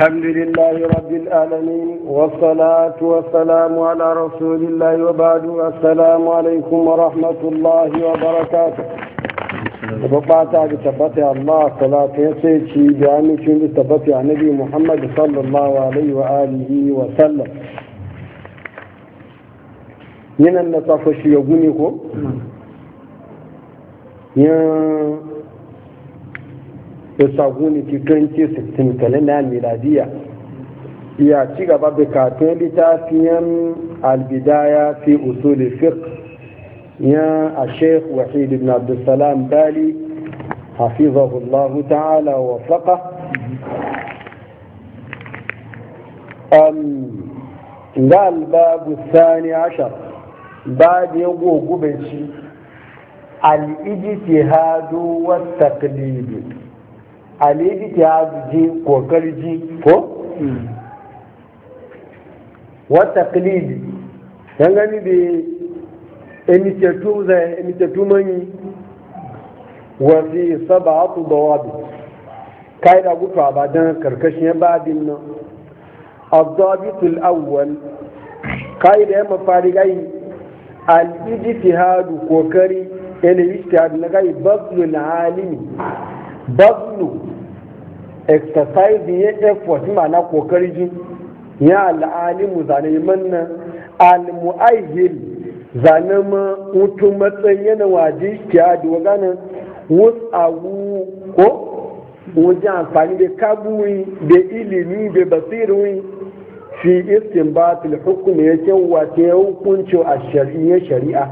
الحمد لله رب العالمين والصلاة والسلام على رسول الله وبعد السلام عليكم ورحمة الله وبركاته bukata tabbata Allah ya ce ci da amincin da tabbata a nabi Muhammad sallallahu alaihi wa wa sallam ko ya sagu ne ki kanke 16 kalenda miladiya ya ci gaba da katon littafiyan albidaya fi usul fiqh ya a sheikh wahid ibn abdulsalam bali hafizahullah ta'ala wa faqa um gal babu sani ashar ba da ya gogu shi al-ijtihadu wa taqlid alibi ta ji kokari ji ko hmm. wata klidi yan gani da emitattu zai emitattu manyi wasu saba hatu da wabi kai da gutu a badan karkashin babin nan azabitul awwal kai da yamma fari gai al-ijtihadu kokari yana ijtihad na gai bazlul alimi bazlu exercise ya effort na kokari ji ya al'alimu zane manna al-mu'ayyil zane ma mutum matsayin yana waje kiya da waganin abu ko wajen amfani da kabuwi da ilimi da basirin fi ya hukumi yake wace hukuncin a shari'a shari'a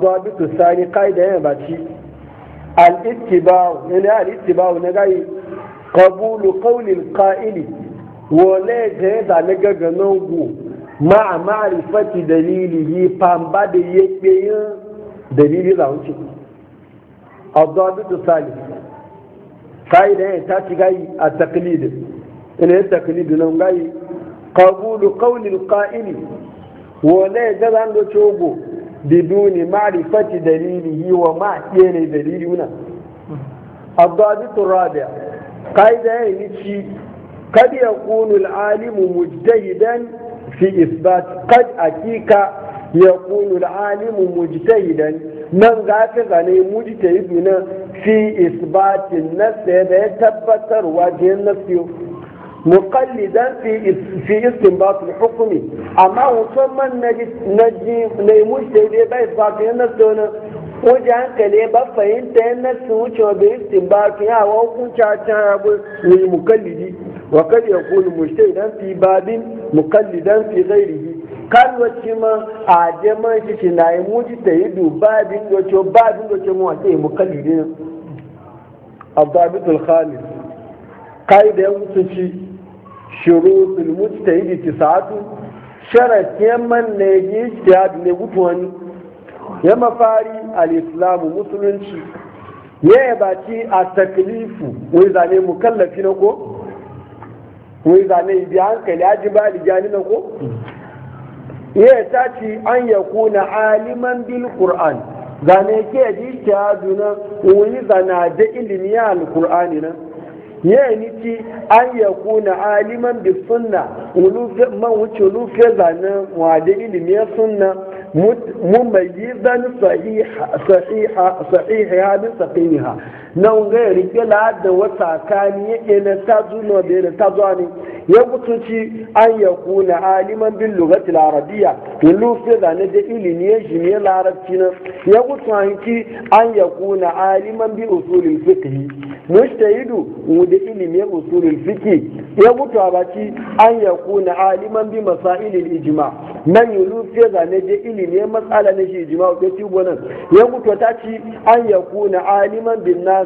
zuwa zabitu sani ƙa'ida yana ba ci al'ittiba'u yana al'ittiba'u na gayi kabulu kaunin ka'ili wale ga ya zane gaganon gu ma'a ma'arifati dalili yi famba da ya yin dalili zaunci abdullahi sali fa'ida ya ta ci gayi a taklidin ina ya taklidu nan gayi kabulu kaunin ka'ili wale ga zane da cogo biduni ma'rifati dalilihi wa ma ne dalili una الضابط الرابع قاعدة يعني قد يكون العالم مجتهدا في إثبات قد أكيك يكون العالم مجتهدا من ذاك غني مجتهدنا في إثبات النفس هذا يتبتر وجه النفس مقلدا في في استنباط الحكم اما وصم نجي نجي نيمو سيدي باي فاكين نسونا wajen hankali ba fahimta yan nasu wuce wa bai istin ba fi yawa hukunca can abu ne mukallidi wa kar ya kuli mu dan fi babin mukallidan fi ghairihi kan wace ma a jaman shi shi na yi muji ta yi duba bin wace ba bin wace mu wace yi mukallidi abdabitul khamis kai da ya mutunci shurutul mujtahidi tisatu sharatin man ne yi ijtihad ne gutu wani ya mafari al musulunci ya yabaci a taklifu wai zane mukallafi na ko wai zane bi hankali aji ba alijani na ko ya ta ce an ya kuna aliman bil qur'an zane ke ji ijtihad na wani zana da ilimi al-qur'ani na ni ti an ya kuna aliman bi sunna man wuce lufe zanen wadin ilimiyar sunna mumayyizan sahiha sahiha bi sahiha nan gaya ya rike da wata kani ya ke na tazu na da na tazu ne ya mutunci an ya kuna aliman bin lugati larabiya in lufe da na da ilimi ya shi ne larabci na ya mutunci an ki an ya kuna aliman bi usulul fiqhi mushtahidu mu da ilimi usulul fiki ya mutu a baki an ya kuna aliman bi masailil ijima nan yi lufe da na da ilimi matsala na shi ijima ya mutu ta ci an ya kuna aliman bin nasu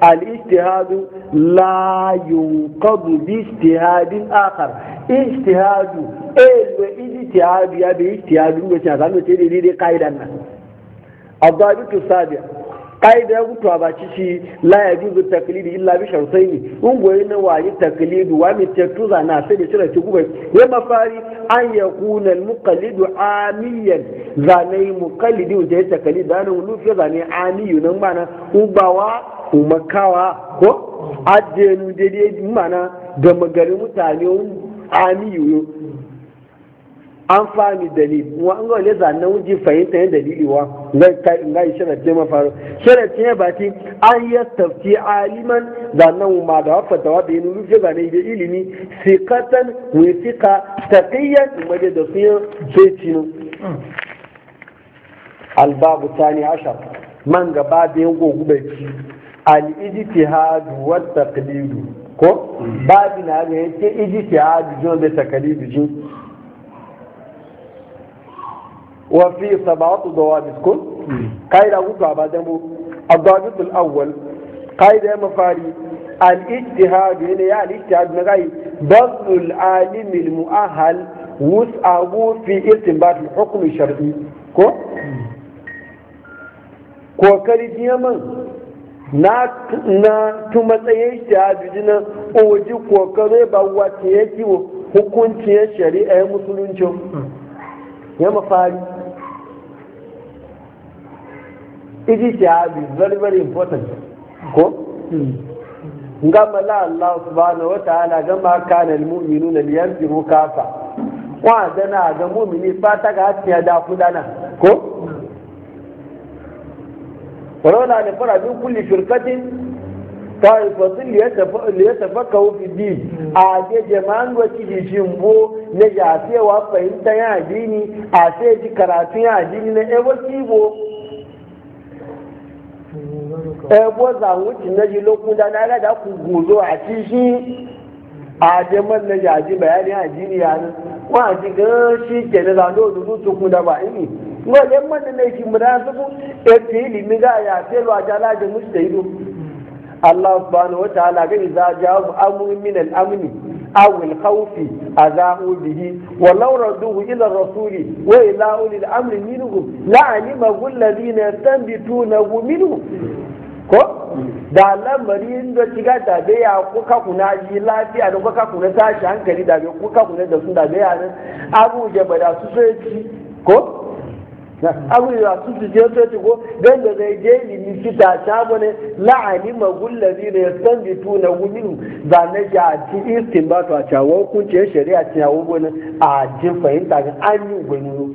al-ijtihadu la yunqadu bi ijtihadin akhar ijtihadu eh wa ijtihadu ya bi ijtihadu ne ta zanu ce dai dai kaidan nan adabitu sabiya kaida ya gutu ba ci shi la ya juzu taklidi illa bi shartaini un goyi na wayi taklidu wa sai da shirya ci gubai ya mafari an ya kuna muqallidu amiyan zanai muqallidi da ya zanen da nan lufi zanai amiyu nan ba ubawa kuma kawa ko ajiyanu daidai mana gama magari mutane amiyu an fami dalil wa an gawale zanna wuji fahimta ya dalili wa nga yi sharatin ma faru sharatin ya bati an ya tafti aliman zanna wu ma da da wa bayin rufe zane da ilimi sikatan wifika taqiyan maje da sun sai cinu albabu tani ashar man gaba da yin gogu bai Ali ijiti wa wasu takalmi du, ko mm. ba'a bina ake yi ake ijiti haɗu da takalmi du. Wafi sababa su da wani ko. Mm. Kayi da hagu sababa damu a gwamnati awwal. Kayi da yamma fari'a ali itti ya ali itti haɗu na gaya bas ɗin Ali milmu ahal wusa a wurfi irin batun hukumin ko. Mm. Ko kari biya na tu matsayin shahadu jina oji kokare ba wace ya kiwo hukuncin shari'a ya musulunci ya mafari iji shahadu very very important ko gama la Allah subhanahu wa ta'ala gama kana almu'minuna liyanfiru kafa wa dana ga mu'mini fata ga hatiya da kudana ko ولولا أن يفرع من كل فرقة طائفة ليتفقهوا في الدين أعطي جمعان وكي جنبو نجاسي وفهمت يا ديني أعطي جكراتي ديني نأيوة كيبو ẹgbọ́ zàwọn tí náà yìí ló dáadáa aládàá kù gòzó àti ṣí àjẹmọ́ àti bàyá ní àjíríyá ni àti gan-an ṣí tẹ̀lé lánàá òdòdó tó kún dábàá yìí na yẹ mọ́ni náà ìjì múra sọ́kú ètò ìlìmí gá àyàfi ẹlò àjà aláàjẹ mùsùlùmí ìlú. allah subhanahu wa ta'ala gani za a jawo amurin amni al'amuni awil khawfi azahu bihi wa law radduhu ila rasuli wa ila ulil amri minhum la alima alladhina yastanbituna minhu ko da lamarin da shiga da be ya ku ka kuna yi lafiya da ku ka kuna tashi hankali da be ku ka kuna da sun da be ya nan abu da bada su sai ko abubuwa su su je soci ko don da zai je ilimi fita ta bane la'ani magullazi da ya san bitu na guminu ba na ja ci istin ba to a cawo hukunciyar shari'a ci yawo bane a ji fahimta ga an yi gwani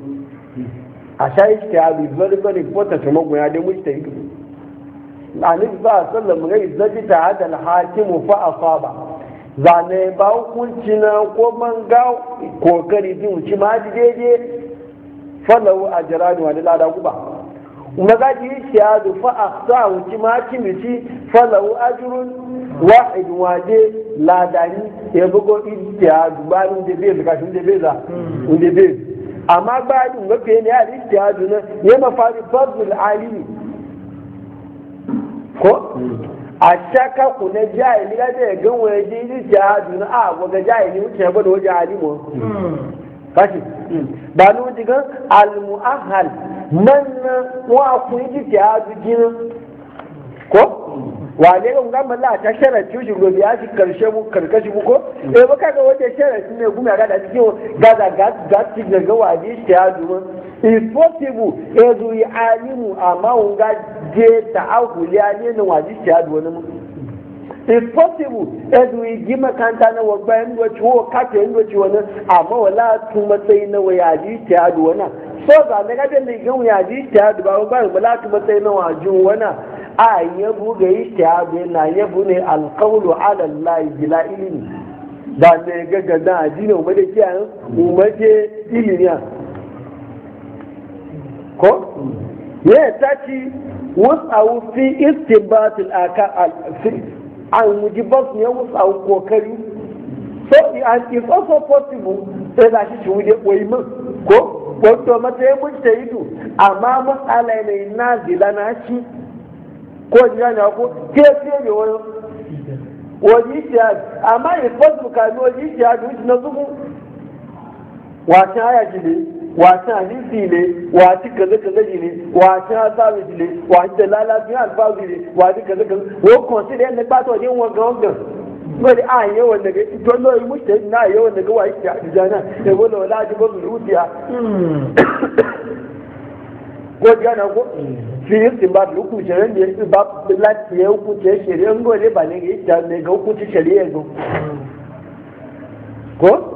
a sha yi ta yabi very very important to magoya dai mushi ta yi alif ba sallam gai zabi ta hadal hakimu fa asaba zane ba hukunci na ko man ga kokari din ci ma daidai falawu a jirani wani lada guba Magaji gaji yi fa'a sa wuci ma kimiti falawu a jirun wa'id waje ladani ya e bugo istiya dubanin da bai zaka shi da bai za da bai amma ba ni ga yana e istiya ya mafari fadlul alimi ko a hmm. shaka ku na jahili ga ya gan waje istiya a jahili wuce waje fashi hmm. ba nu al almu'ahal nan wa ku yi ti a jikin ko wa ne ga ngan a ta sharatu shi gobe ya shi karshe mu karkashi mu ko eh ba kaga wanda sharatu ne kuma ga da cikin ga ga ga ga ci ga ga wa ji shi ya duwa is possible eh yi alimu amma un ga je ta akuliya ne na wa ji shi ya duwa mu if possible edu yi makanta na wagba yin doci wo kata yin doci wani amma wala tun matsayi na waya ji ta yadu wana so ga na gadon da igin waya ji ta yadu ba wagba yin wala tun matsayi na waju wana a ya buga yi ta yadu yana ya ne alkawulu ala layi bila ilimi Ba na ne gaga na aji ne umar da kiyayen umar ke ilimi ko ne ta ci wasu fi istinbatul aka an with the boss ne wusa kokari so it's also possible sai da shi shi wai min ko wato mata ya mujta ido amma matsala ne na zila na shi ko jira ne ko ke ce ne wani wani ijtihad amma it's possible ka ni wani ijtihad wuce na zuku wata haya shi ne wata hadisi ne wata kaza kaza ne wata hasabi ne wata dalala fi alfazu ne wata kaza kaza wo consider yanda ba to yin wanga wanga wani a yawan daga to no yi mushi na yawan daga wa yake a jana da Wani wala ji ba rubiya ko jana ko fi yustin ba da hukunci ran da yake ba lati ya hukunci shari'a ngole ba ne ga hukunci shari'a ko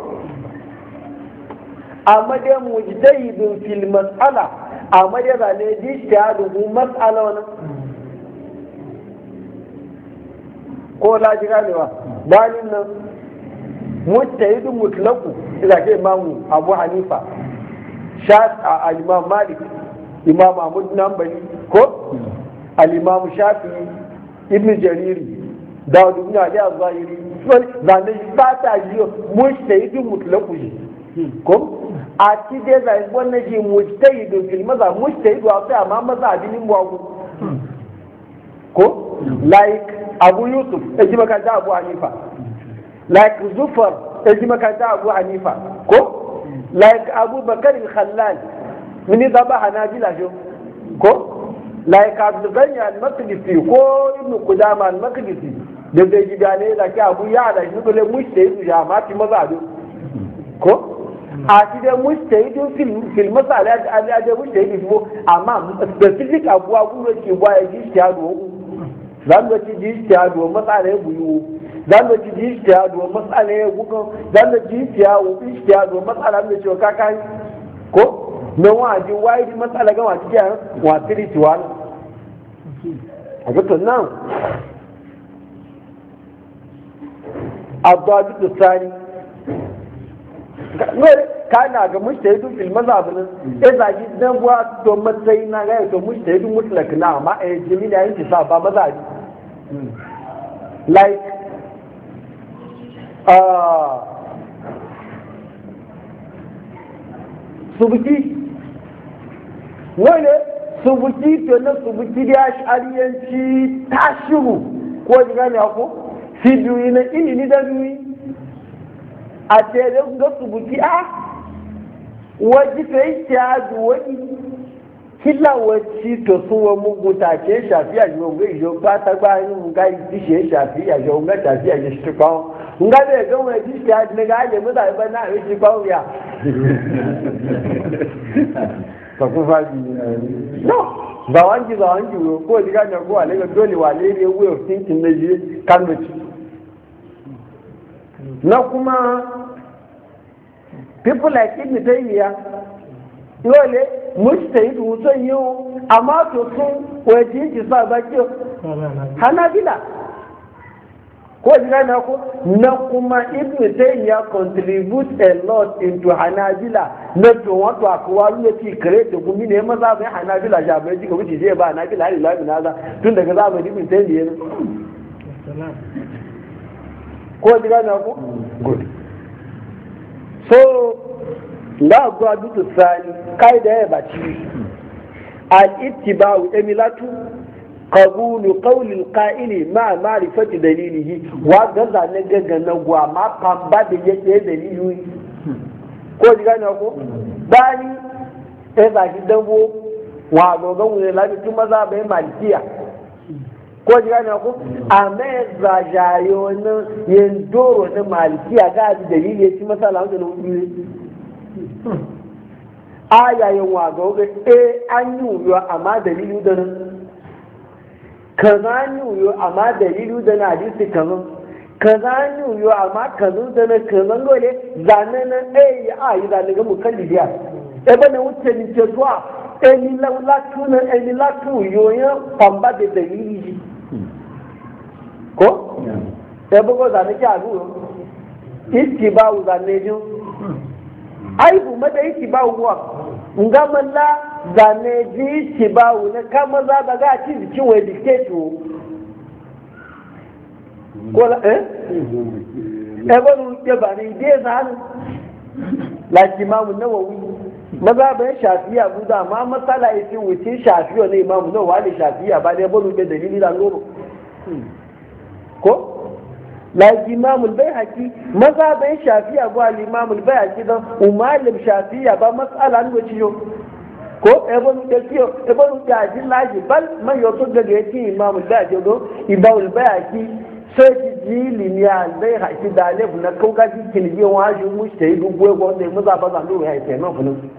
amma dai mujtahidun fil mas'ala amma dai ba ne dubu mas'ala wannan ko la ji ba bayanin nan mujtahidun mutlaku ila ke imamu Abu Hanifa shat a Imam Malik Imam Ahmad Nambali ko al-Imam Shafi'i Ibn Jariri Dawud ibn Ali az-Zahiri zane ba ta yi mujtahidun mutlaku ko a ti dai zai wannan shi mujtahi da fil maza mujtahi da wasu amma maza abinin buwagu ko like abu yusuf ya e ji makanta abu hanifa like zufar ya e ji makanta abu hanifa ko like abu bakar khallal mini zaba hanabila jo ko like abu zanyi al-maqdisi ko ibnu kudama al-maqdisi da zai gidane da ke abu ya da shi dole mujtahi ya amma ti maza ko àti dẹ mùsùlùmí fìlì mọ́sálẹ̀ adé mùsùlùmí fìlì àmà specific àbúrò àbúrò ti wá ẹ̀jí ìṣẹ́àdùn òkú zanu ci ji ìṣẹ́àdùn mọ́sálẹ̀ ìbùyìwò zanu ci ji ìṣẹ́àdùn mọ́sálẹ̀ ìbùkọ́ zanu ci ìṣẹ́àdùn mọ́sálẹ̀ ka kai ko me wọn àti di mọ́sálẹ̀ gan wà ti jẹ́ wà tìrì tiwa náà àgbẹ̀tọ̀ náà àdó àdúgbò kana ga mujtahidu fil mazhabin eh zagi dan buwa to matsayi na ga to mujtahidu mutlak na amma eh jimina ya yi sa ba mazhabi like ah subuki wani subuki to na subuki da ashariyanci tashiru ko ji gane ko fi biyu na ilimi da biyu a tere ga su buki a waji kai shahadu wani kila wacce to sun wa muguta ke shafi a yau ga yau ba ta ba ni ga yi shi shafi a yau ga shafi a shi to kawo nga be ga wa ji shahadu ne ga ya mu ba na yi kawo ya ta ku fa ji no ba wanki ba wanki ko diga ne ko ale ga dole wale ne way of thinking ne ji kan ci na kuma people like ibn taymiya dole mujtahid mutum yiwu amma to sun wajen ki sa baki hanabila ko ji na ko na kuma ibn taymiya contribute a lot into hanabila na to wato akwai wani ci create gumi ne maza bai hanabila ja bai jika ka wuce je ba hanabila hali lafi na za tun daga zamanin ibn taymiya ko ji gane ku good so sani ya al emilatu qabulu qawli al qa'ili ma ma'rifati dalilihi wa gwa ma pamba da dalili ko ji gane ku bani e ba shi wa maza bai malikiya ko ji gane ku a mai zajayo na yin doro na malikiya a ga ji dalili ya ci masala wanda na hudu ne a yayin waga wuga e an yi wuyo amma dalili da nan kaza an yi wuyo amma dalili da na hadisi kaza kaza an yi wuyo amma kaza da na kaza gole zane na e ya a yi zane ga mukalli biya ebe na wuce ni ce zuwa eni latuna eni latu yoyin kwamba da dalili ko sai bugo zane ki azu iski ba u zane ju ai bu mada iski ba u wa nga malla zane ji iski ba u ne kama za ba ga ci ci we dictate ko la eh e ba nu ke ba ni de zan la ki ma mu nawawi maza ban shafiya bu da ma masala yake wuce shafiya ne imamu nawawi shafiya ba ne ba nu dalili da ko laji imamul bai haƙi maza bai shafiya ba limamul bai haƙi don umalim shafiya ba matsala ni wace yau ko ebonu da kiyo ebonu da ajin laji bal man yau sun daga yake imamul bai haƙi don imamul bai haƙi sai ki ji limiya bai haƙi da alef na kauka ji kilbi wajen mushta yi duk gwegwa wanda ya maza ba zan lura ya yi taimakon funin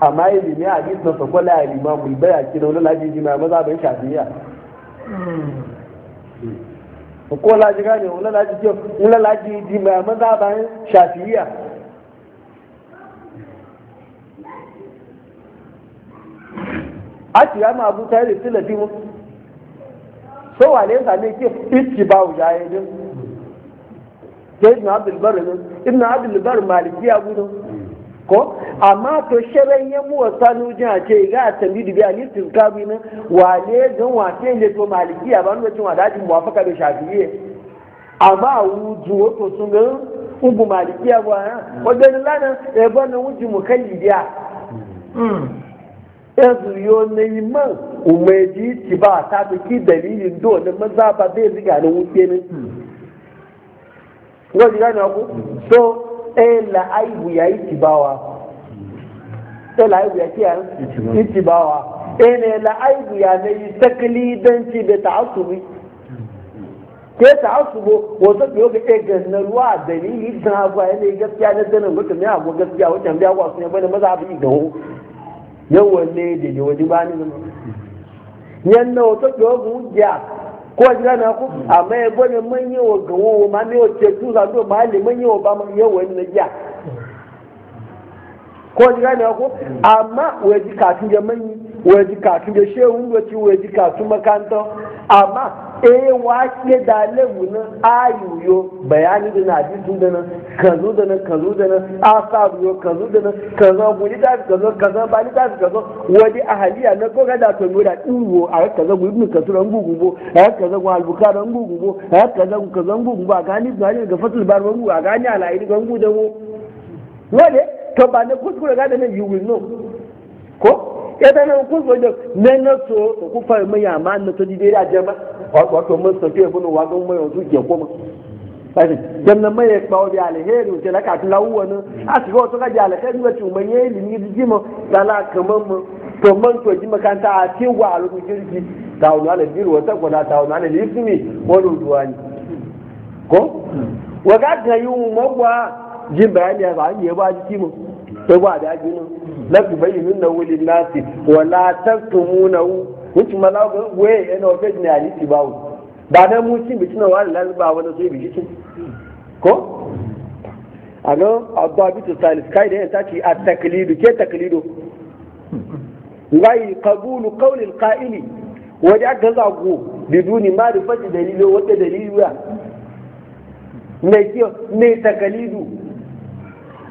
amma yi limiya a jisun sa kwala ya limamul bai haƙi da wani laji jima maza bai shafiya hmm. ko laji gane wula laji jiyo wula laji di mai maza bayan shafiya a ciya ma abu ta yi da tilafi mu so wale ya ne ke iski ba wuja ya yi ne ibn abdul bar ne ibn abdul bar maliki ya gudu ko amma to shirin ya muwa sanu jin a ce ga a tambi dubi a listin kabi nan wale gan wace ne to malikiya ba nuna cin wadaji muwafaka da shafiye amma a wuju wato sun gan ugu malikiya ba ya wajen lana ya eh, ba na wuju mu kan lidiya hmm. ya zuyo na yi man umarji ci ba ta fi dalilin dole maza ba zai ziga na wuce ne. Wani hmm. gane ku? So, ela aibu ya itibawa ela aibu ya kiya itibawa ene la aibu ya nayi taklidanci da ta'assubi ke ta'assubo wato biyo e ga egan na ruwa dalili dan abuwa yana gaskiya na danin mutum ya abuwa gaskiya wajen biya kwasu ne bane maza abu gawo Yawon ne da ne wani bani yanna wato biyo ga hujja ko a jira ko mm. amma ya gwada manye wa gawo wa ma ne wa tu tun zando ma hali manye wa ba manye wa na jiya ko mm. a jira ko amma wa ji kafin da manyi wa ji kafin da shehun da ci wa ji kafin makanta amma eh wake da lebu nan ayuyo bayani da na ji su da nan kazo da nan kazo da nan asabu yo kazo da nan kazo guri da kazo kazo ba ni da kazo wadi ahaliya na ko ga da to mu da duwo a kazo guri mun kazo ran gugubo a kazo gwa albuka ran gugubo a kazo kazo gugu ba gani da ni ga fatul bar gugubo a gani ala idi gugu da mu wale to ba ne kuskure ga da ne you will know ko ya da nan kuskure da nan so ku fa mai amma na to di dai jama'a wato mun sauke bunu wagon mai yanzu ke goma bari janna mai ya kawo bi alheri ce laka ta lawo ne a shiga wato kaji alheri wato mun yi limi dijima dala kaman mu to man to ji makanta a cewa alu jirgi ta wani ala biru wata kwana ta wani ala lismi wani duwani ko wa ga ga yi magwa jin bayani ba an yi ba jiki mu sai ba da ajinu la tubayyinu na wulin nasi wala taktumuna wuce malawa waye yana wa fejin ya yi bawo ba na mutum bici na wani lalba wani so bici cin ko a nan abuwa bitu salis kai da yanta ce a taklidu ke taklidu wai kabulu kaulin ka'ili wani aka zago biduni ma da fashi dalilu wata dalilu ya mai kiyo mai takalidu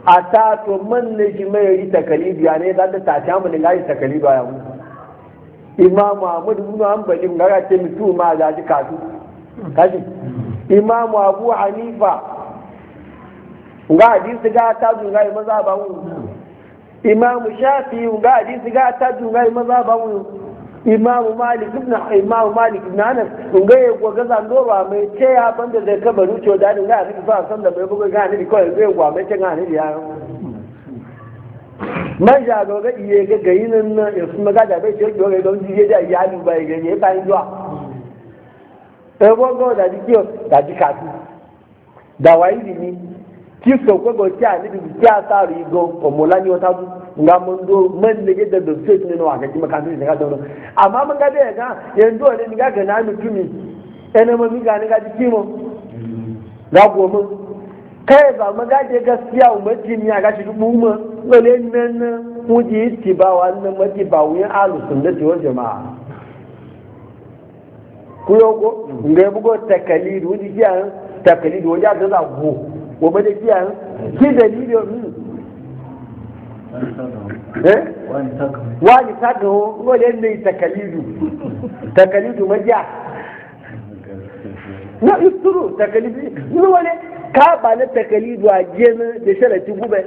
a ta to man na shi mai yi takalidu ya ne za ta tashi amma ne ga yi takalidu a yawon imamu ahmad ibn hanbali ngara ce mutu ma da ji kasu kaji imamu abu hanifa nga hadisi ga ta zunga maza ba mu imamu shafi nga hadisi ga ta zunga maza ba mu imamu malik ibn imamu malik ibn anas nga ya gwaga zando ba mai ce ya banda zai kabaru rucho da nga ga hadisi fa san da mai bugu ga ni ko ya gwa mai ce ga ni ya man ja ga ga iye ga gayi nan nan ya sun maga da bai ce ga ga don jiye da iyali ba ya ganye ta yin zuwa e bo go da dikiyo da dikatu da wai di ni ki so ko go ti ani bi ti asaru igo o mola ni wata bu nga mun do man ne ga da state ne no aka ki makan ni ga dono amma mun ga da ga yanzu ne ni ga ga na mutumi ene mun ga ni ga dikimo ga go mun kai ba magaje gaskiya umarci ne a gashi duk mu lole nan muji ti ba wannan maji ba wuyan alu sunna ti ku ngai wuji wuji go wo ba ki dalili mu ne takalidu takalidu na isturu takalidu ka ba na takalidu zuwa jena da sharafi gube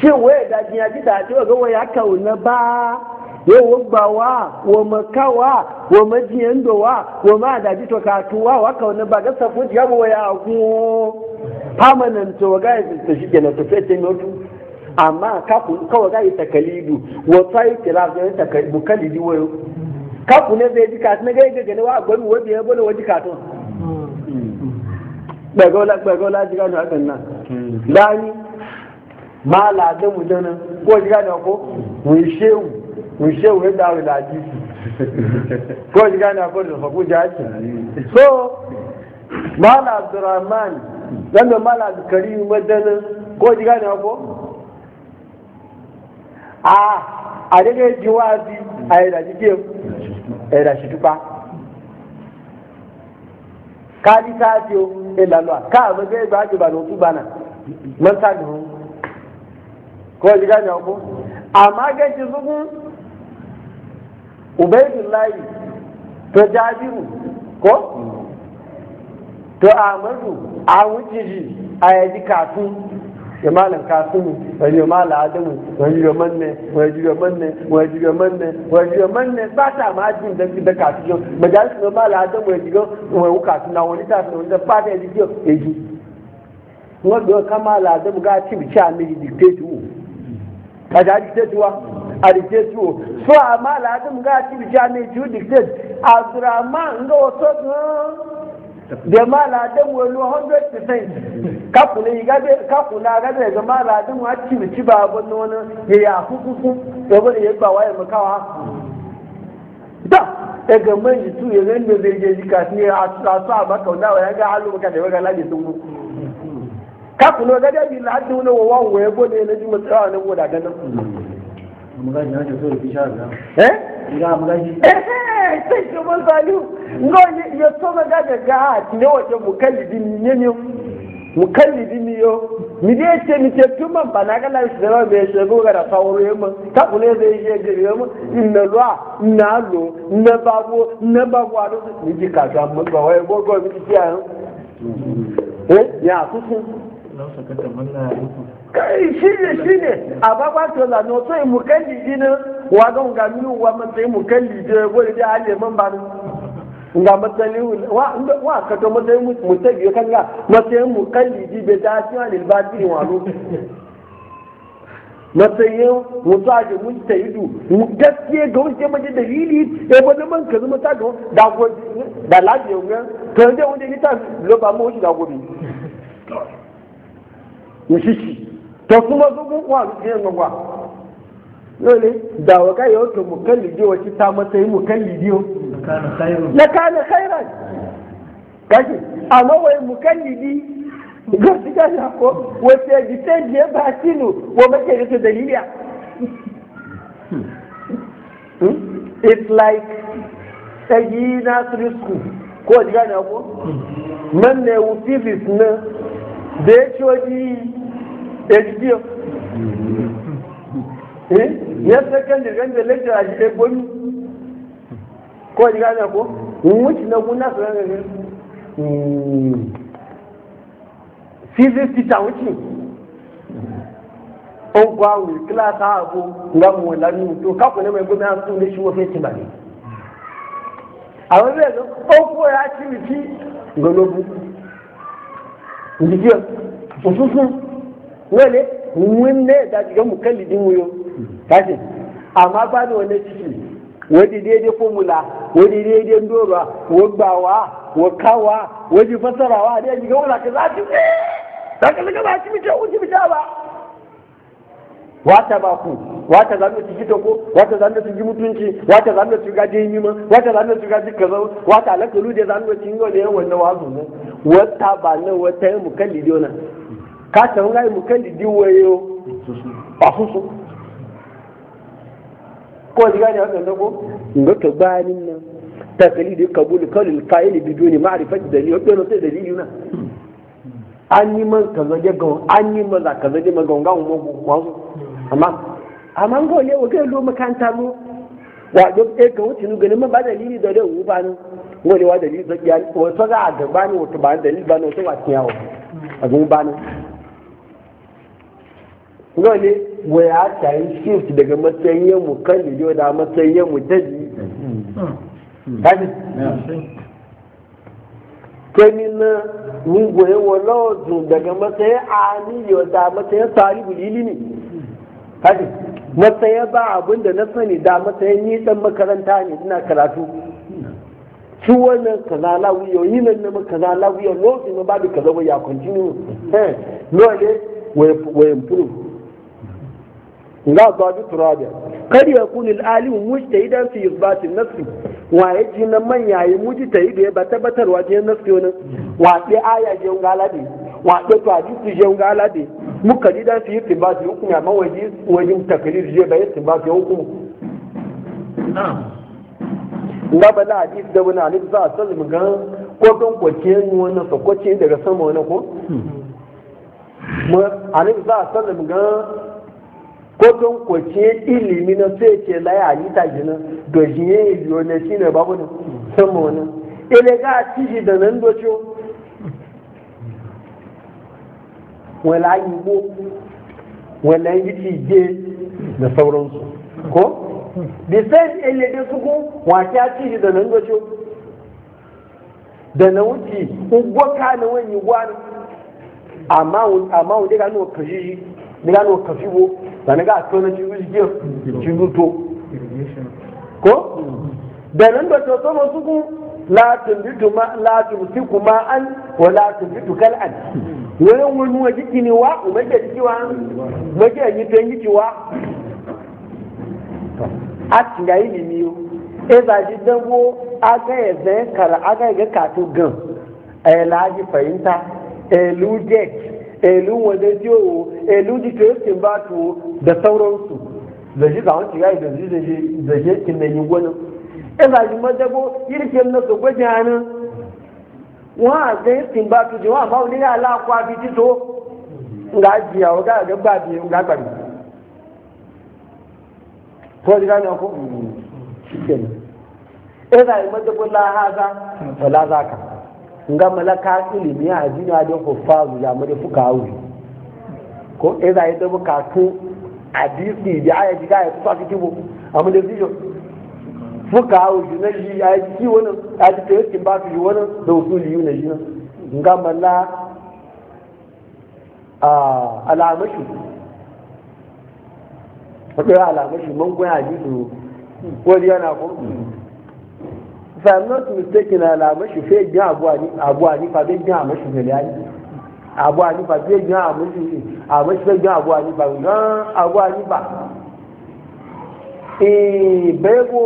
shi waya da jiya ji da ta ga waya kauna ba yau wugbawa wa makawa wa majiyan dowa wa ma da ji to katuwa wa kauna ba ga safu ji ga waya ku permanent wa ga da shi kenan to sai ta mutu amma ka ku yi ga takalidu wa sai kira ga takalidu mukallidi wayo ka ku ne zai ji ka na ga ga ne wa gwani wa biya bane wa ji katon ɓagola ɓagola ji gano hakan nan hmm. ma mu ko ko shehu shehu da ko ko da so mala abdurrahman dan da mala madana ko ko ah, a a yi da jike da shi káàdì káàdì o ìlànà káàbọ̀ sí ìgbà àjùbà ní oṣù gbaná mọ́tàdì hàn kó o jìgá ní ọkọ. àmọ́ agẹ́jì sunkún ubaidullahi tó jábìrù kó tó àmọ́dù àwọn jìjì àyẹ̀dì kàtún. ya malam kasimu wani ya mala adamu wani ya manne wani ya manne wani ya manne wani ya manne ba ta ma ajin da da kasimu majalis na mala adamu ya jiga wani kasu na wani tafi wani da ba ta ya jiga ya ji wọ́n gbé ọkàn máa là adamu ká tìbí tí a méjì dìktétù wò kàdé àdìktétù wa àdìktétù wò fún àmà là adamu ká tìbí tí a méjì dìktétù àdùràmà ń lọ sọ́dún. da maladin wani 100% kakuna yi gabe kakuna gabe ga maladin wa ci mu ci na wani ya ya ya bude ya ba waye makawa da ya ga man yi ya zanda zai je jika ne a tsasa ba wa ya ga halu maka da ya ga sun kakuna wani wa wawo ya na ji na ganin eh sai shugaban salihu ngoni ya toma daga ga ne waje mukallidi ne ne mukallidi ne yo mi dai ce mi ce tuma bana ga la shi da me shi go ga da sauro yamma ta kule zai je gari yamma inna lwa na lo na babo na babo a lo mi ji ka ga mun ba wai go go mi ji ya eh ya su su kai shi ne shi ne a ba ba to la no so mukallidi ne wa ga ga minu wa matsayi mu kalli da gole da alle man ba nga matsayin wa wa ka to matsayin mu mutabi kan ga matsayin mu kalli ji be da shi wani batiri wa lo matsayin mutu a jimun ta yi du gaskiya ga wuce mace dalili ya wani man ka zama ta gaba da gobe da lafiya wuya ta yanzu wanda ya ta loba ma wuce da gobe ya shi shi ta kuma zubu wa zuciya ga dole da waga yau to mukallidi wace ta matsayi mukallidi na kana khairan kashi amma wai mukallidi ga shi ga shi ko wace bi sai je ba sinu wa make da daliliya hmm? it's like tsayi risku ko ji gane ko man ne wufifis na da ya ci waje ya ji Eh? ya secondary ran da lecture a jikai gomi ko ji gane ko wuce na guna su ne gari hmm. physics teacher wuce o gwa wuri class ha abu nga mu wala ni to ka ko ne mai gomi an su ne shi wo fece ba ne a wani zai o ko ya ci biki golobu jikiyar ususun wale wunne da mu din wuyo kashi amma ba ni wani ciki wani daidai formula wani daidai dora wagbawa wakawa wani fasarawa ne yanzu gawara ka za ci ne za ka zaga ba ci mita uji mita ba wata ba ku wata za mu ciki ko wata za mu ciki mutunci wata za mu ciki gaje yi ma wata za mu ciki gaje kaza wata alakalu da za mu ciki yau da yawan wannan wazo ne wata ba nan wata yi mukallidi wannan ka san ngai mukallidi wayo ba su su ko ji gane na ko ga to bayanin nan taklidi kabul kalil fa'il biduni ma'rifati dalil wannan sai dalili na an man kaza je ga an man za kaza je magonga mu wasu amma amma ga le wa ga lo makanta mu wa duk ɗaya ga wuce ganin ma ba dalili da da ba wa dalili ya a gaba wato ba dalili ba wa kiyawo a gun ba wani ya ta yi shift daga matsayin mu kan da yau da matsayin yin mu daji kaji kemi na mun goye wa lọ́ọ̀dù daga matsayin ani yau da matsayin saribu lili ne kaji matsayin ba abin da na sani da matsayin ni dan makaranta ne ina karatu shi wannan kaza lawiyo yi nan na kaza lawiyo lọ́ọ̀dù ba da kaza waya continue no ne wa improve nga zabi turabi kar ya kuni alim mujtahidan fi isbati nafsi wa yaji na manya yi mujtahid ya ba tabbatarwa je nafsi wani wa ɗe aya je ngalade wa ɗe to hadisi je ngalade muka ji dan fi isbati hukum ya ma waji wajin takrir je ba isbati hukum nga bala hadis da wani alif za a mu ga ko don kwace wani fakwace daga sama wani ko hmm. mu alif za a mu ga ko don kwace ilimi na sai ce laya ta jinin da jiye yiwu ne shi ne babu da sama wani ile ga ciji da nan docio wala yi ko wala yi je da sauransu ko da sai ile da su ko wace a ciji da nan docio da na wuce ugbo ka na wani gwani amma wani ka nuna kashiji nígbà ní ọkàn fíwo sànìgà àti ọ̀nà na wíṣí díẹ̀ ti lù tó. kó bẹ̀rẹ̀ ń dọ̀tí ọ̀tọ́ lọ sókún láti sí kù máa án wọ láti sí tù kálí àti. wọ́n ń wọnú ẹjí kí ni wá òmẹ́jẹ̀ jíjí wá mẹ́jẹ̀ ẹ̀yìn tó ẹ̀yìn ti wá. a ti e ga yìí nìyí o ẹ̀zá ti dánwó aga ẹ̀zẹ̀ kàrà aga ẹ̀gẹ́ kàtó gan ẹ̀ láàjì fẹ̀yìntà ẹ̀ elu wajen jiyowo elu to yakin ba tuwo da sauransu da shi zawon shiga da shi da shi yakin na yi gwanin in e za shi madabo yirkin na su gwaji hannun wa ga yakin ba tuwo jiwa ma wani ya lakwa bi tito ga ajiya wa ga ga ba biyu ga bari ko ji gane ko mm. shi ke kenan in e za shi madabo la haza wala zaka nga malaka ilimi a jina da hufazu ya mure fuka wuri ko eza yi dabu kaku a disney da aya jiga ya kusa kiki bu a mu da zijo fuka wuri na shi a yi ki wani a ji ta yankin ba su yi wani da usuli yi na shi nga mala alamashi akwai alamashi man kwaya jisu wani yana kuma if i'm not mistaken alamashi fe gbin abu anifa fe gbin amashi gbele ayi abu anifa fe gbin amashi amashi fe gbin abu anifa gan abu anifa ìbẹ́wò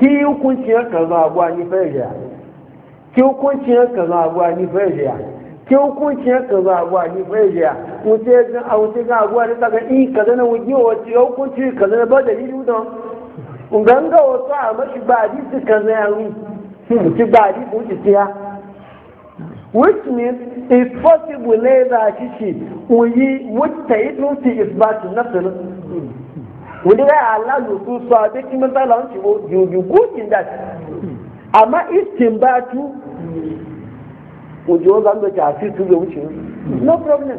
kí hukuncin kan zan abu anifa ya kí hukuncin kan zan abu anifa ya kí hukuncin kan zan abu wuce gan a wuce gan aguwa ne daga i kaza na wuji wace yau kunci kaza na ba dalili da ganga wasu a mashi ba hadisi kaza ya ru ci ba hadisi wuce tiya which means it's possible ne za shi shi uyi wuce yi tuti isbatu nafsin wani ga Allah su su a duk misali an ci ko juju kukin da amma istinbatu ujo zan da ta fi tuzo wuce no problem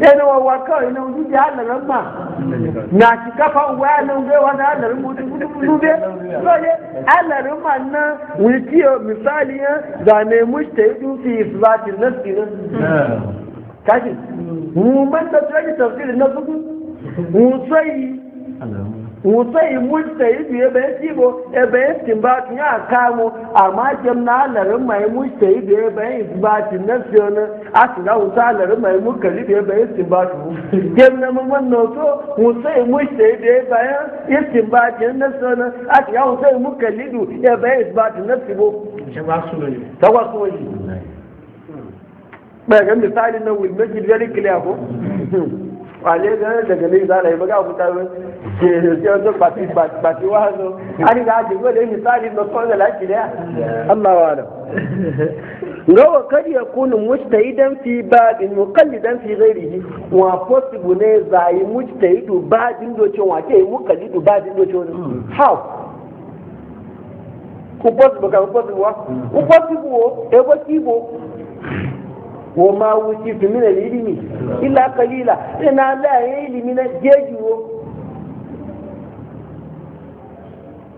yana wawa kawai na wujudu ya halarar ma na ci kafa uwa ya nan zai wani halarin mutu gudu be lori halarin ma na wikiyo misali ya zane mushta yi dufi isbatin nasi nan kashi mu man da tsari tafsirin na gudu mu tsayi wuta imunta yi biyu ebe ya cibo ebe ya timbatin ya kamo amma kim na alarin mai musta yi biyu ebe ya timbatin na siyonin a shiga wuta alarin mai mukari biyu ebe ya timbatin na mamman noto yi biyu ebe ya na a wuta du ebe ya timbatin na sibo. Tagwa su wani. Bai ga misali na wilmaki zari wale ganin daga ne za na yi baga kuta ke ke wasu bati bati wazo ani ga ji da Allah ya kunu mujtahidan fi wa ne zai wa ke how ku ka wa ku ba kibo wa ma wuti tu min ilimi illa kalila, ina la ilimi na jejuwo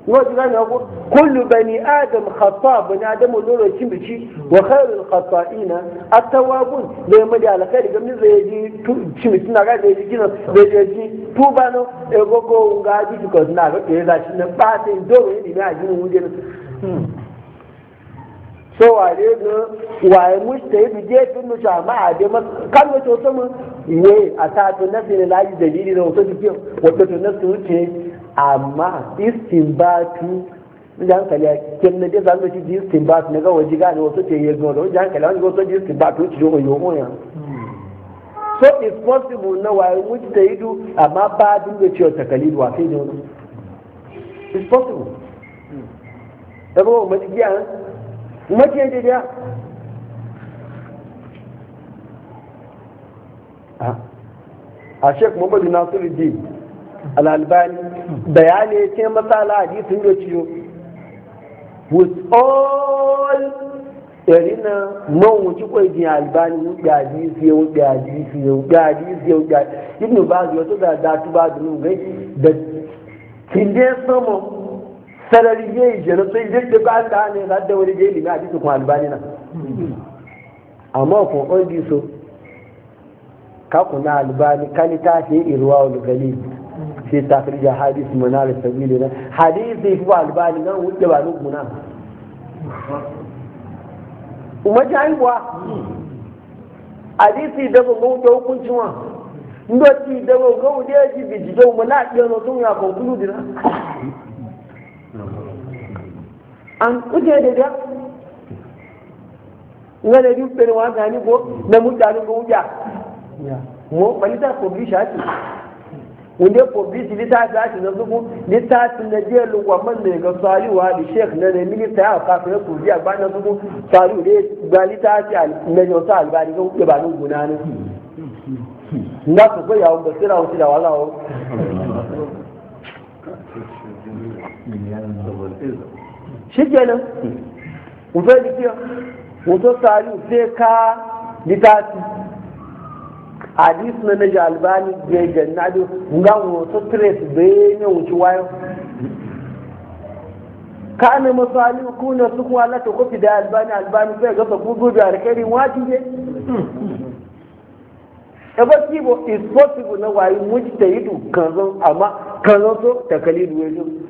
wajen gane ko kullu bani adam khata bani adam lolo cin bici wa khairul khata'ina at-tawwabun da yamma da alkhairi ga min zai ji cin bici na ga da ji gina zai je ji tuba no e gogo ga ji ko na ga ke da shi na ba sai doro ne ga ji mu je so ware ne waye mushta yi bije tun mu sha ma ade mas kan mu to to mu we a ta to na fi la yi dalili da wato dike wato to na su ce amma ba istinbatu da hankali a kin na dai zan ci tu ne ga waje ga ne wato ce ya ga waje hankali wani wato ji tu ci yo yo ya so it's possible na waye mushta yi du amma ah, ba din da ciwo takalidu wa kai ne it's possible da ba mu mace da da a sheik muhammadu nasiruddin al'albani bayani ya ce masala hadisin da ciyo with all irina man wuce kwai jin albani wuce hadisi ya wuce hadisi ya wuce hadisi ya wuce ibn zuwa su da datu ba da nun gai da kinde sama sarari ya yi jana sai duk da ba ta ne za da wani jeli na jikin kuma albani na amma kun ɗauki so ka na albani kani ta fi irwa wa lugali sai ta fi da hadisi mana da sabili na hadisi fi albani nan wuce ba nuku na kuma ji haihuwa hadisi da ban gauta hukuncin wa ndoti da ban gauta ya ji bijigen mu na ɗiyar na sun ya konkulu dina an kuje da da pere wa gani go na mutane go uja mo balita ko bi shati wanda ko bi shi ta shi na zugu litatin na je lugwa man ne ga saliwa da sheikh na ne minista ya ka fa ku ji ba na zugu saliwa ne ga litati al na yo sa albani go ke ba nun guna ne na ko ko ya on basira o tira wala o shikenan wufe jikiya wato tsari sai ka litasi hadis na na jalbani bai janna da nga wato tres bai ne wuce wayo ka ne misali kuna su kuwa lata kofi da albani albani sai ga sabu gobe alkhairin wati ne ebe kibo is possible na yi mujtahidu kanzon amma kanzon so takalidu wajen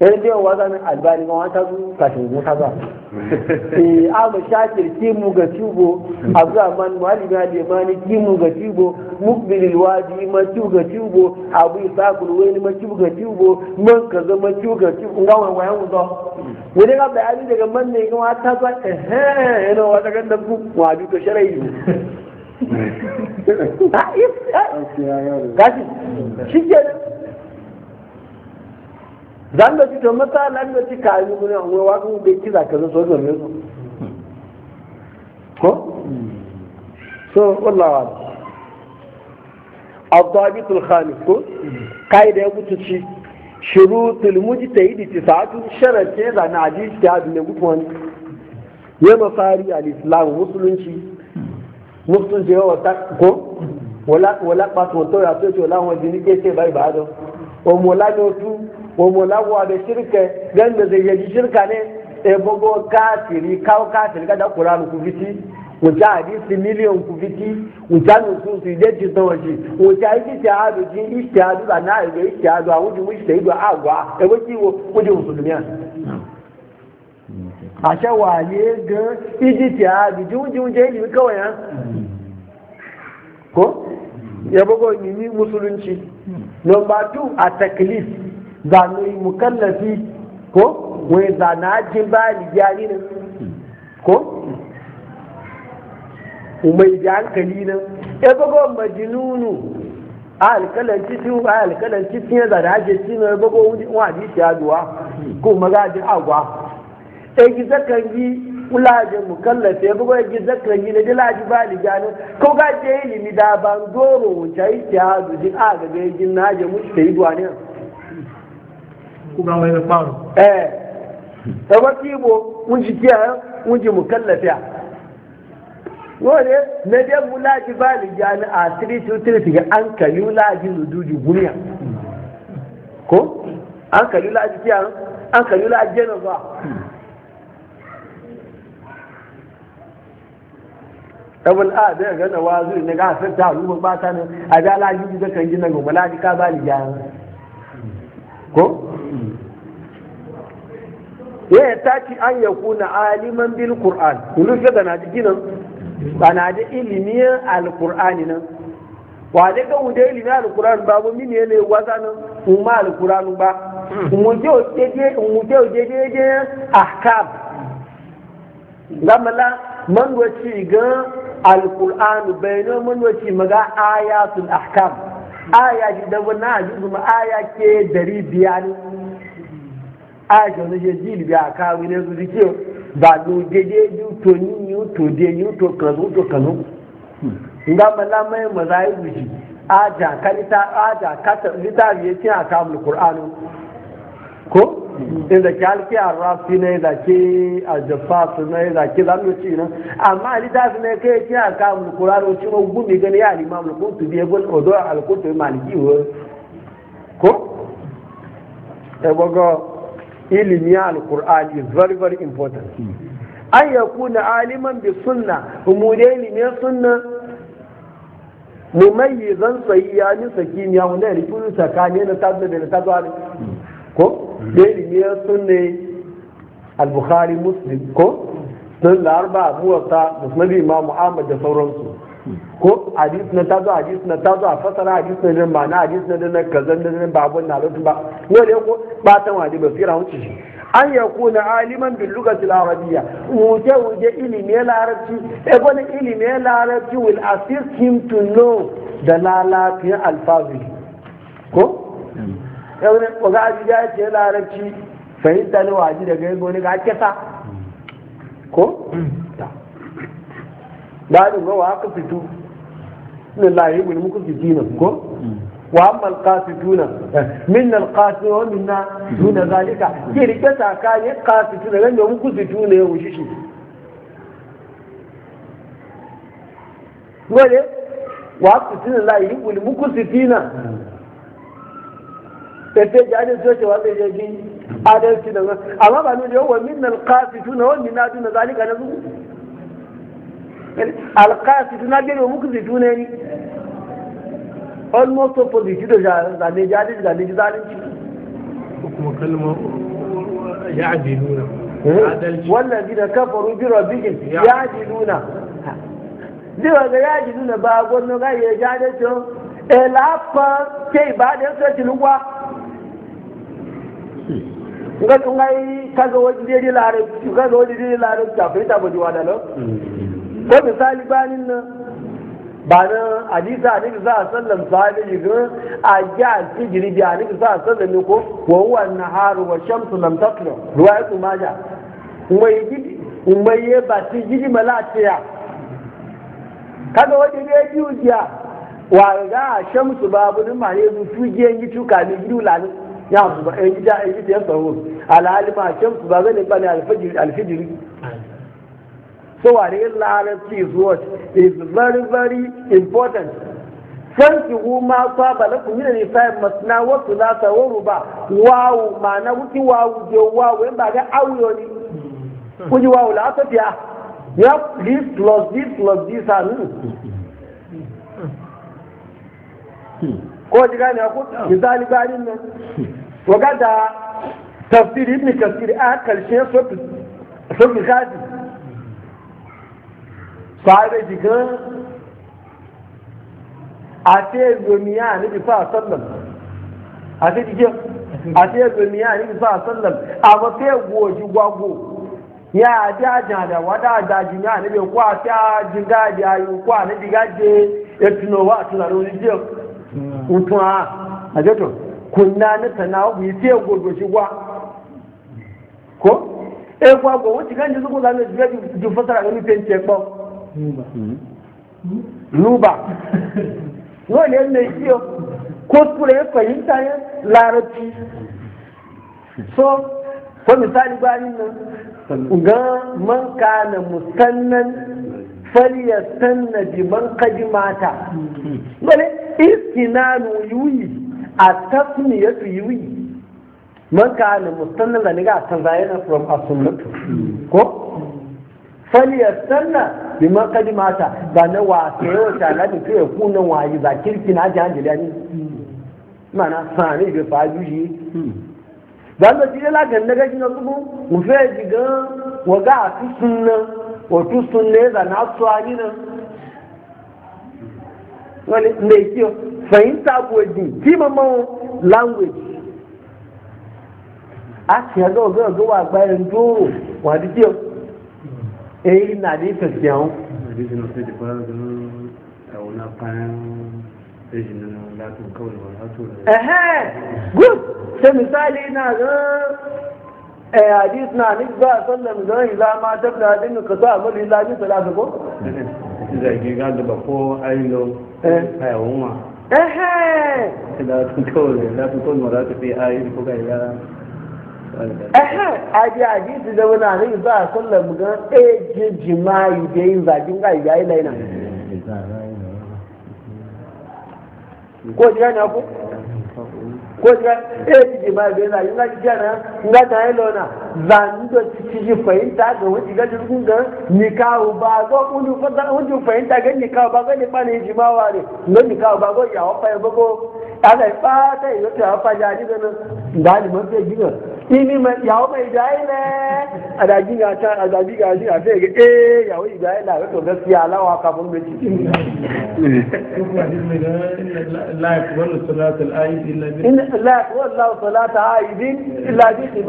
yanzu da yawa zanen albani ma wata su kafin mu ta ba eh abu shakir ki mu ga tubo abdurrahman malik al-yamani ki mu ga tubo mukbil al-wadi ma ki ga tubo abu isaqul wani ma ki ga tubo man kaza ma ki ga tubo ga wani wayan uzo wani ga bayani daga man ne ga wata zuwa eh yana wata kan ku wa bi ko sharai gashi shi kenan zan da ci to mata lan da ci kayi mun an wa kun be kiza ka zo so ne ko so wallahi الضابط الخامس كو قاعده يبوتشي شروط المجتهد تسعه شرط كذا نعدي اجتهاد نغوتون يا مصاري الاسلام مسلمشي مسلم جه وتا كو ولا ولا بات وتو يا تو لا هو دي نيكي سي باي بادو او مولا نوتو wa mulawa da shirka ganda zai yaji shirka ne e bogo kafiri kawo kafiri kada Qur'an ku fiti wuta hadisi miliyon ku fiti wuta nusu su je ci tawaji wuta yi ci hadu ji ishtihadu da na ga ishtihadu a wuji mushtahidu agwa e waki wo wuji musulmiya a hmm. shawaye ga ijtihadu ji wuji wuji ilimi kawai ha ko hmm. ya bogo ni musulunci hmm. number 2 a taklif zane mukallafi ko wai zana jin ba ligiyani nan ko umai da hankali nan ya bago majinunu a alkalan cikin a alkalan cikin ya zana ake cikin ya bago wani shi aduwa ko magajin agwa ya gi zakan yi ulajin mukallafi ya bago ya gi zakan yi na laji ba ni ligiyani ko ga je ilimi da ban goro wuce ya adu jin agaga ya na hajji mushi ta yi duwa ne kuga mai da faru eh ta ba kibo mun ji kiya mun ji mukallafiya wale na dai ba bali jani a 323 tiga an kayu laji luduju guniya ko an kayu laji kiya an kayu laji jana ba tabal a da ga da wazu ne ga san ta ruwa ba ta ne a ga laji da kan gina ga mulaji ka bali jani ko ya tashi an ya kuna aliman bil qur'an kullu fi da naji ginan ana da ilimiyan alqur'ani nan wa da ga wuda ilimi alqur'an ba mu mine ne waza nan umma alqur'an ba mu je o jeje mu je o jeje je ahkam gamala man wace ga alqur'an bayno man wace maga ayatul ahkam aya ji da wannan ajizuma aya ke dari biyani aisha wani ji jí ìlú àkáwé ní ẹgbẹ́ tí ó to dédé yóò tó ní yóò to dé yóò tó kànú nga ma mai mazai e e wuji aja kalita aja kata e qur'anu ko inda ke alki a rafi ne da ke a ne da ke zamuci na amma ne ke a kamun kura na gani ya lima mulkuntu biya gun odo maliki ko? ilimi al-Qur'an is very very important an ya kuna aliman bi sunna mu da ilimin sunna mu mai zan sayi ya ni saki ni yawon da rikun tsakani na tazo da tazo ne ko da ilimi sunna al-Bukhari Muslim ko sun da arba abuwa ta musnad Imam Ahmad da sauransu ko hadis na tazo hadis na tazo a fasara hadis na nan ma'ana hadis na nan kazan na nan babun na lutu ba wani ko ba ta wani ba sira wuce shi an ya kuna aliman bin al arabiyya wuje wuje ilimi al larabci e gona ilimi al larabci will assist him to know da al fazil ko ya gona ko ga ji ya ce larabci fahimta ne waji daga yanzu ne ga kisa ko ta da da wa aka fitu inna lillahi wa inna ilaihi ko wa amma alqasituna eh, minna alqasituna wa minna duna zalika ke rike taka ne qasituna ne mu kusituna ya wushishi gole wa kusituna la yi wuli mu kusituna tafe jani so ce wa zai ji adalci da amma ba ne da yawa minna alqasituna wa minna duna zalika na zuwa alkasi tuna gẹ́gẹ́ mú kìí tún ẹni almost opposite da zane jadi zane zalunci kuma kalma ya adiluna wannan gina kafaru biro rabbihim ya adiluna duk ga ya adiluna ba gwanno ga ya jadi to elafa ke ba da sai tilwa ngai ngai kaga wajiri larabci kaga wajiri larabci afirka bujiwa da lo ko misali banin nan ba na hadisa a nufi za a sallan sahabi jigirin a ji a ci girbi a nufi za a sallam ne ko wa huwa naharu wa shamsu lam takla ruwa ya kuma ja yi ba ci gidi malaciya kaga wani ya ji ujiya, wa ga a shamsu babu ni ma yanzu su giyan yi tuka ne gidu lalin ya su ba yan gida yan gida ya tsaro alhali ma shamsu ba zane ba ne alfijiri So what is Larabci is what is very, very important. hu ma saba lakum min nisa'i masna wa thulatha wa ruba wawu na wuki wawu je wawu in ba ga awuyo ni ji wawu la fiya ya this plus this plus this are new ko ji gane ku misali bayanin nan wa da tafsir ibn kasir a karshe sofi sofi sahabe jigan a te zomiya ne bi sa sallam a te jigan a te zomiya ne bi sa sallam a ba goji gwago ya da wada da jinya ne bi kwa ta jiga da yi kwa ne je ya tuno wa tunaro ni je utun a a je to kunna ne tanawo bi te goji gwa ko e gwago wuti kan ji zugo zanu jiga ju fasara ga ni penche nuba wani yadda ya ciyo ko tura ya fahimta ya larabci so ko misali bayan nan ga man kana musannan falyastanna bi man kaji mata wani istinanu yuyi a tasmiyatu yuyi man kana musannan ga a tanzania from asunnatu ko Fali faliyastanna bi ma kadi mata ba na wa sayo ta na ta kai na wa yi ba kirki na ji hanjali ani mana sani bi fa juji dan da ji la ganna ga shi na zubu mu fe ji ga wa ga su sunna wa tu sunne da na su ani nan wani ne ki fahimta ko din ki mamman language a ti ga ga ga wa gba en duro wa di ki eh na ne tasbihan hadisin good sai misali ina ga eh hadis na ni ba sallam ga ila ma tabda din ka sa amali ila ni salatu ko da ke ga eh. da ko ailo kaya wuma ehe latin kawai latin kawai ma za ta fi ayi ko ga ehe abi hadisi da wani anai za a sallar ga eji jima'i da yin zagin ga yayi laina ko ko eji jima'i da yin zagin ga na ga ta yi lona zani da ciki fahimta ga wani ga jirgin ga nikawo ba ga kunu fata wani fahimta ga nikawo ba ga ne ba ne jimawa ne na nikawo ba ga ya wafa ya bako ana ba ta yi wata wafa ya ji da ni mafi gina ini ma yawo mai dai ne a da gina ta a da gina shi a sai ga eh yawo idai na ga to gaskiya lawa ka mun cikin la yakbalu salatul aid illa bi la illa bi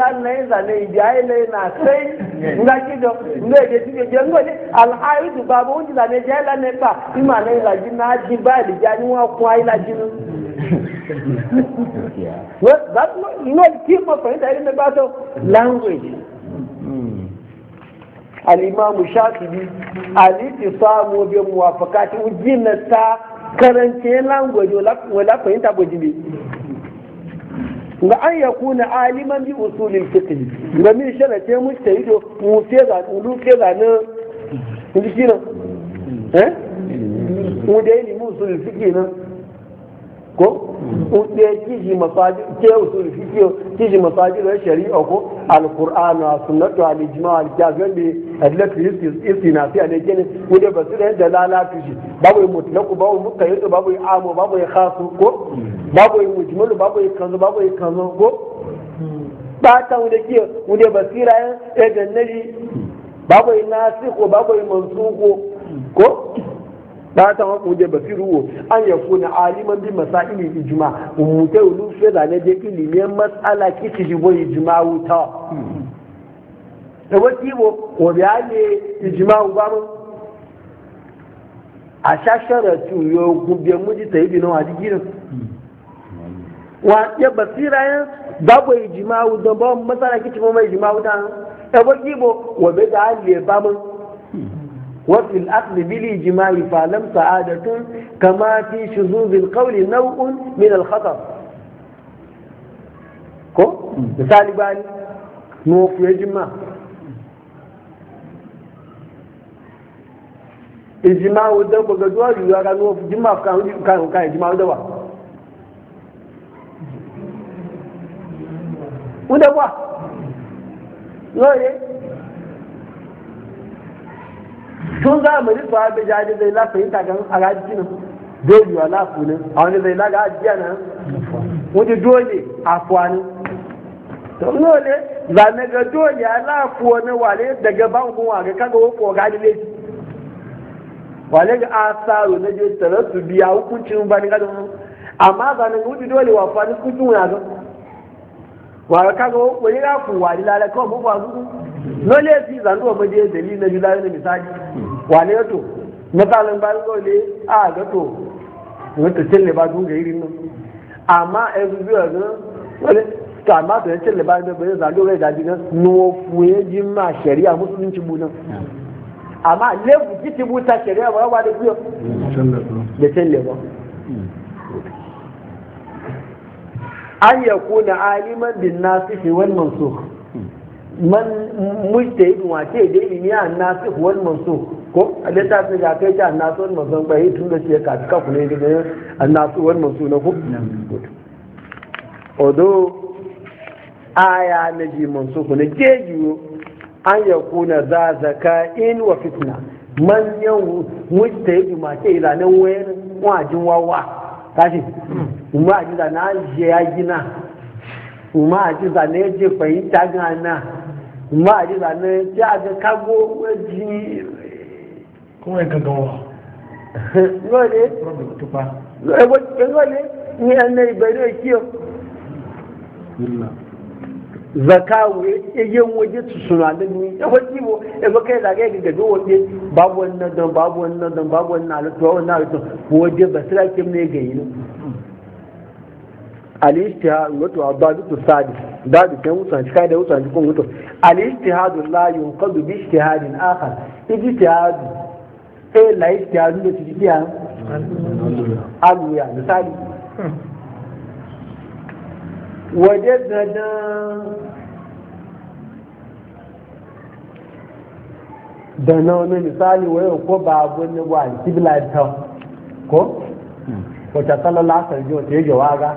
sannan zane biyaye lai na sai nga kido nga je ti je ngo ni al haidu babu unji zane je la ne ima na ila ji na ji ba li ja wa kwa ila that no language al-imam shafi'i al bi muwafaqati ujinata language wala wala fahimta ga an ya kuna aliman bi usulin fiqh ga min sharace mu ta yi to mu sai ga ulu sai ga na indikina eh mu da ilimi usulin fiqh na. ko uɗe kiji masaji ke usul fikiyo kiji masaji da shari'a ko alqur'anu sunnatu alijma alkafin bi adlatu istina fi ne uɗe basira da lalatu kiji babu mutlaku babu mutayyid babu amu babu khas ko babu mujmalu babu kanzo babu kanzo ko ba ta uɗe kiyo uɗe basira ya nabi babu nasiku babu mansukh ko ba ta wa kuje basiru wo an ya kuna aliman bi masaili ijma umutai ulu da ne je ilimin mas'ala kiti boy ijma wuta da wati bo ko biya ne ijma u ba mu a shashara tu yo gubbe ji ta ibi wa digira wa ya basira yan babu ijma u da ba mas'ala kiti bo mai ijma ta da wati bo ko be da le ba mu وفي الأقل بالإجماع فلم سعادة كما في شذوذ القول نوع من الخطر كو مثال بالي نوف يجمع إجماع ودوك وقدوار يوارا نوف جمع كان كان إجماع ودوا ودوا لا tun zamani ba bai jaji zai la fahimta ga agaji nan dole wa la funin a wani zai la ga ajiya nan wani dole a fuwani dole zane ga dole a la fuwani wale daga bankun wa ga kaga ga dile wale ga asaro na je tare su biya hukuncin ba ni ga amma wani dole wa ga wa no lesi zanu wa maje dalil na bila ne misali wane yato misalin ba ko le a ga to wata cin ne ba dun ga irin nan amma e zuwa ga wale ta ma to ya ne ba ne ba za do ga dadi nan no fuye jin ma sharia musulunci mu nan amma le ku kiti bu ta sharia ba ba da kuyo da cin ne ba an yakuna aliman bin nasihi wal mansukh man mujtahid wa ce da ilimi a nasu wal manso ko da ta ce ga kai ta nasu wal manso bai tun da ce ka ka kule da an nasu wal mansukh na ku odo aya na ji mansukh ne ke jiwo an yakuna za zaka'in wa fitna man yau mujtahid ma ce da nan wayar wajin wawa kashi kuma a ji da na je ya gina kuma a ji da na je fahimta gana ma a jiza ne tí a ga kago wéjì kuma ga gawa lóde lóde ní ẹnẹ ìbẹ̀rẹ̀ èkí o zakawo eye waje tusuna alimi ẹgbẹ́ tí mo ẹgbẹ́ kẹ́ ìdàgẹ́ gẹ́gẹ́ bí al-ijtihad wato abadu sadi da da kan wuta shi kai da wuta shi kun wuta al-ijtihad la yunqadu bi ijtihadin akhar ijtihad eh la da shi aluya misali wajadna da na wani misali wayo ko ba abun ne wa kibla ta ko hmm. wata sallallahu alaihi yi sallam ya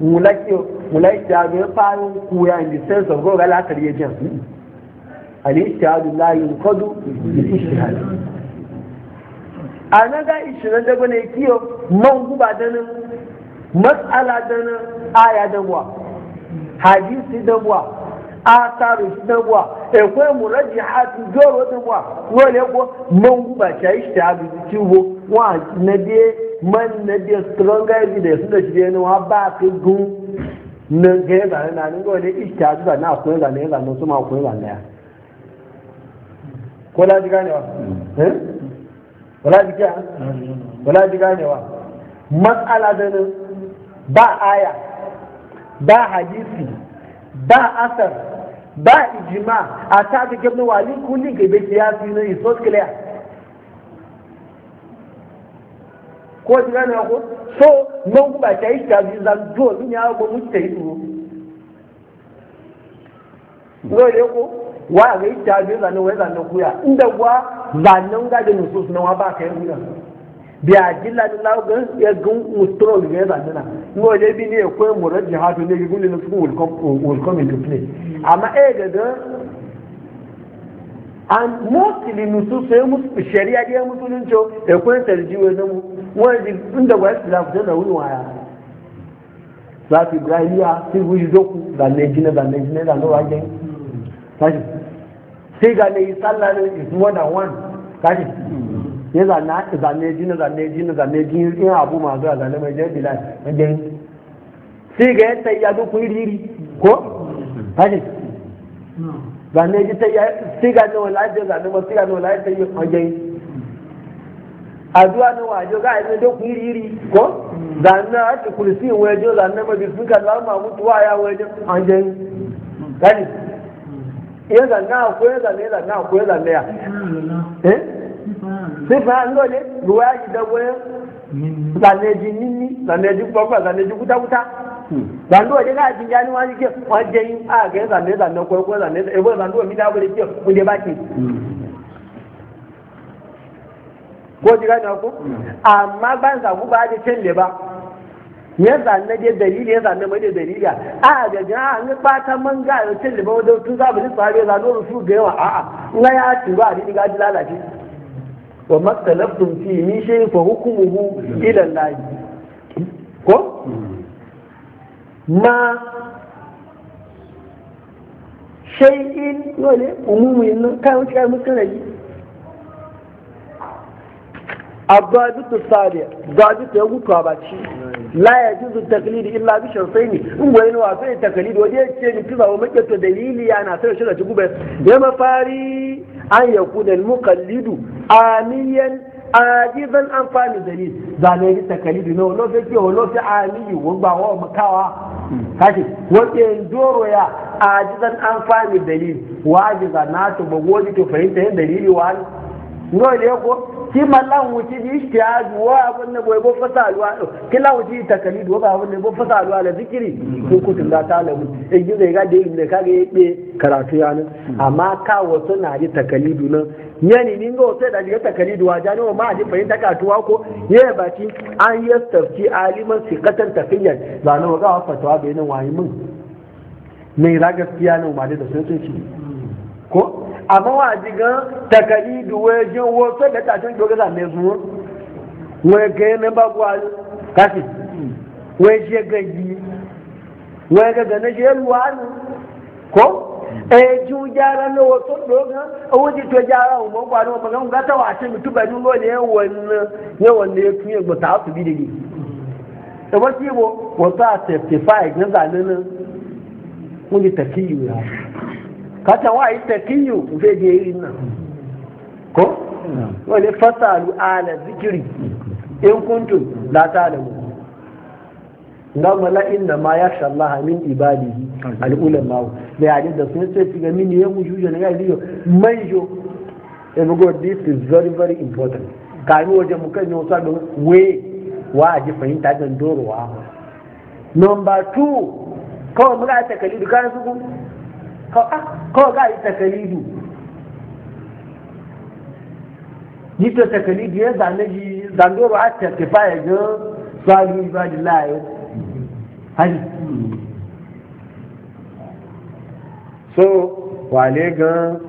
mulaikiyar ya faru kuya in the sense of goga latar ya jan alishihadu layin kodu da ishihadu a na ga ishirin da bane kiyo man guba danin matsala danin aya damuwa hadisi damuwa atharu dabwa e ko murajihatu joro dabwa wole ko man guba ta yi ta bi ciwo wa na de man na de stronger evidence da shi ne wa ba ka gun na ga ga na ni go de ishta da na ko ga ne ga no su ma ko ga ne ko da ji gane wa eh wala ji ka wala ji gane wa mas'ala da ba aya ba hadisi ba asar ba ijima a ta ga gabna wali kulli ga bai siyasi na isos clear ko ji gane ko so mun ba ta yi ta bi zan do mun ya go mun ta yi duro no ne ko wa ga yi ta bi zan no wa zan no kuya inda gwa zan nan ga da nusus na wa ba kai gudan bí àjílá ní láwùgán ẹgún mùsùlùmí rẹ̀ zàdínà ní ọjọ́ ibi ní ẹ̀kọ́ ìmọ̀ràn jihadu ní igun nínú fún olùkọ́mì to play àmà ẹ̀ gẹ̀gẹ́ and mostly nususu ya musu shari ya ɗaya musulunci ẹ̀kọ́ ìtẹ̀lẹ̀jì wẹ̀ náà wọ́n di inda wà sí láti tẹ́lẹ̀ wúni wáyà láti ibrahima sí wúyí zókù zànẹ́jìnà zànẹ́jìnà zànẹ́wàjẹ́ sai ga ne yi sallah ne is more than ya zane jini zane jini zane jini in abu masu a zane mai jai bilal wajen sai ga yi ya zo kun riri ko hajji zane ji ta yi sai ga nawa lafiyar zane ma sai ga nawa lafiyar yi wajen aduwa na wajo ga yanzu da kun riri ko zane a ci kulisi wajo zane ma bisu ka zama mutuwa ya wajen wajen hajji ya zane akwai zane zane akwai zane ya sífà ńlọlẹ ìwé àyídẹwẹ lànàjì níní lànàjì gbọgbà lànàjì kútakúta zandu waje ka ajin jani wani ke wani jayin a ga zande zande ko ko zande ebo zandu wa mida bule baki ko ko ku ba ya zanne mai a ba tun yawa ni lalace wa matalaftun fi min shay fa hukmuhu ila Allah ko ma shay'in wale umumu yin kai wuce kai mutun rayi abadu tsariya zabi ta gutu abaci la ya juzu taklid illa bi shartaini in goyin wa sai taklid waje ce ni kizawo make to dalili yana sai shi da gube da mafari an ya kuna mukallidu amiyan ajizan an fani dalil zane yi takalidu na lo fe o oh, lo fi amiyi wo ba wo makawa kashi wo ke doro ya ajizan an fani dalil wajiza na to bo wodi to fahimta dalili wani ngo ne ko ki mallan wuci di ishtihadu wa abun ne boy bo fasalwa ki la wuci takalid wa ba abun ne bo fasalwa la zikiri ko kutun da ta lahu in e ji zai ga da yin da kage yabe karatu ya nan amma ka wato na ji takalidu nan yani ni ngo sai da ji takalidu wa jani wa ma ji fahimta katuwa ko ye baki an ya yastafti aliman siqatan taqiyan ba nan ga fatawa nan wayi mun mai ra gaskiya nan ma da sun sun ci ko amma wa ji gan takalidu we jin wo so da ta tun me zuwa we ga ne ba gwa kasi we je ga we ga ga ne je luwanu ko eh ju jara no wo to doga o ji to jara o mo gwa no ba gan ga ta wa ti mutu ba ne wannan ne wannan ya tuye gba ta su bi da gi da wasu yabo wata ne na zalinin wani tafiyu ya kata wa ittaqiyu zai je yi nan ko wani fasalu ala zikiri in kuntum la mu. na mala inna ma ya sha Allah min ibadihi al ulama da hadis da sun sai ga min ya mu juje na ga manjo e go this is very very important ka ni waje mu kan yau sabu we wa ji fahimta dan dorowa number 2 kawai muna ta kalidu kana su kawai ga yi takalidu yi ta takalidu ya zane shi zandoro a tattafa ya ga tsari ba da layo hari so wale gan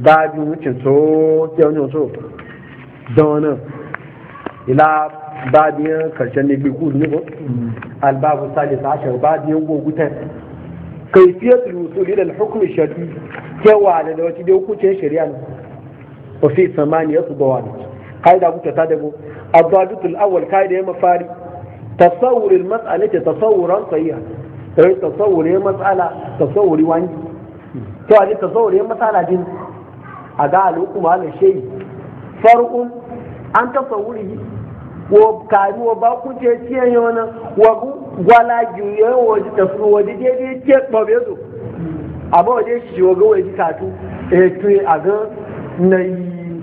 dájú wucin tó tí wani so don ila babiyan karshen ne bi kudu ne ko hmm. albabu salisa ashar babiyan gogutan Kaifiyatu musulila da hukumar shafi ta kewa da daddawa cikakkun cikakkun cakkun cakkun caya shari a nan. Wasu tsammanin ya sumbawa ba. Ƙa'ida mutu ta dabbobi. Abdullahi Duterte awa ya mafari. Tasaurin matsala ce tasauran ta iya. Tani ta saurin matsala ta sauri wange. Ta waje ta saurin matsala a gane hukuma hala shai. Faru'un an tasa wuri wa kari wa ba kuke ciye na waɗannan. gwala juyen waje tafi waje daidai ke ɓabe su amma waje shi waga waje katu e tuye a ga na yi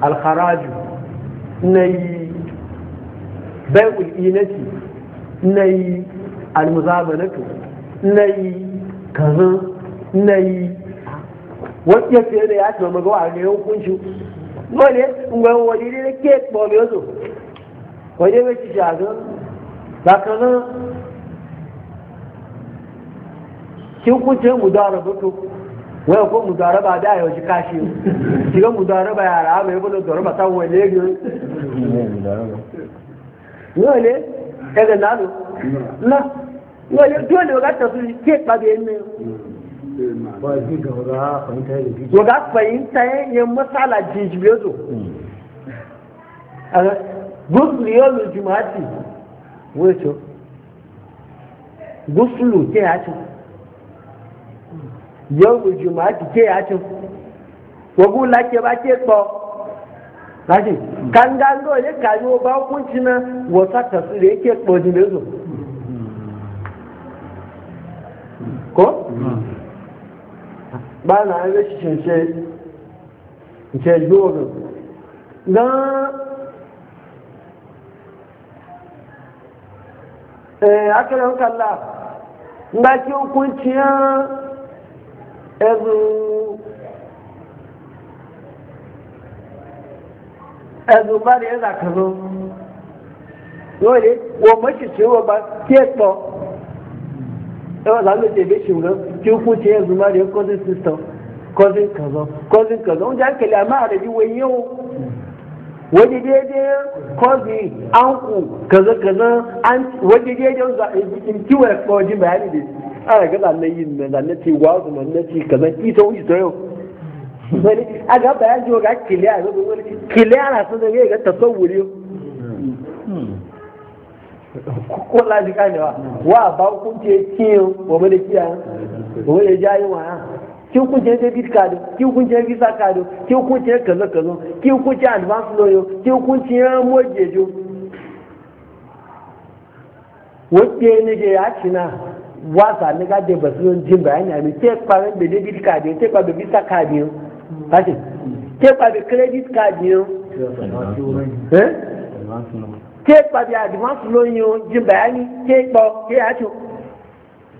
alharaju na yi bai ul'inati na yi almuzamanatu na yi kaza na yi wasu ya fiye da ya ce magawa a ga hukunci dole ngwai waje daidai ke ɓabe su waje mai shi shagan bákan náà kí ó kún tẹ́ mùdárà bótó wọ́n kó mùdárà bá dá àyọ̀ sí káṣí o tí ó mùdárà bá yàrá àmì ìbọn dọ̀rọ̀ bá táwọn ilé rí wọ́n lé ẹgbẹ̀ náà lò ná wọ́n lé tí ó lè wọ́n ká tẹ̀sù kí ìpàdé ẹni wọ́n wéṣọ gúúsùlù tí a tún yọ̀wù jùmọ̀ àti tí a tún gbogbo láti bá tí pọ̀ láti kàńgáńgó yẹ kàyé ó bá kún tí na wọ́n sàtọ̀sí rẹ̀ tí pọ̀ jù lẹ́sọ̀ kọ́ báyìí náà ń ṣiṣẹ́ ṣe ìṣẹ́jú eh aka na kalla ba ki hukunciya ezu ezu ba da ya zaka zo dole wa mashi ba ke tso yau za mu tebe shi wurin ki hukunciya ezu ba da ya cousin sister cousin kazo cousin kazo wanda aka a rabi wai yau waje daidai kofi an ku kaza kaza an waje daidai za a yi kiwa ya kawo jin bayani da ana ga zanen yin na zanen ce wazu na nace kaza ita wuce ta yau wani a ga bayan jiwa ga kiliya ga wani kiliya na sun zai ga tasawuri ko laji ne wa ba hukunce kiyo wa mada da kiyan wa mu jayi wa ki hukunce debit card ki hukunce visa card ki hukunce kaza kaza ki hukunce advance loan loyo ki hukunce mojejo wacce ne ke ya cina wasa ne ga da basu jin bayani a mai ke kpara da debit card ke kpara da visa card yau kashi ke kpara da credit card yau ke kpara da advance loan loyo jin bayani ke kpara ke ya cina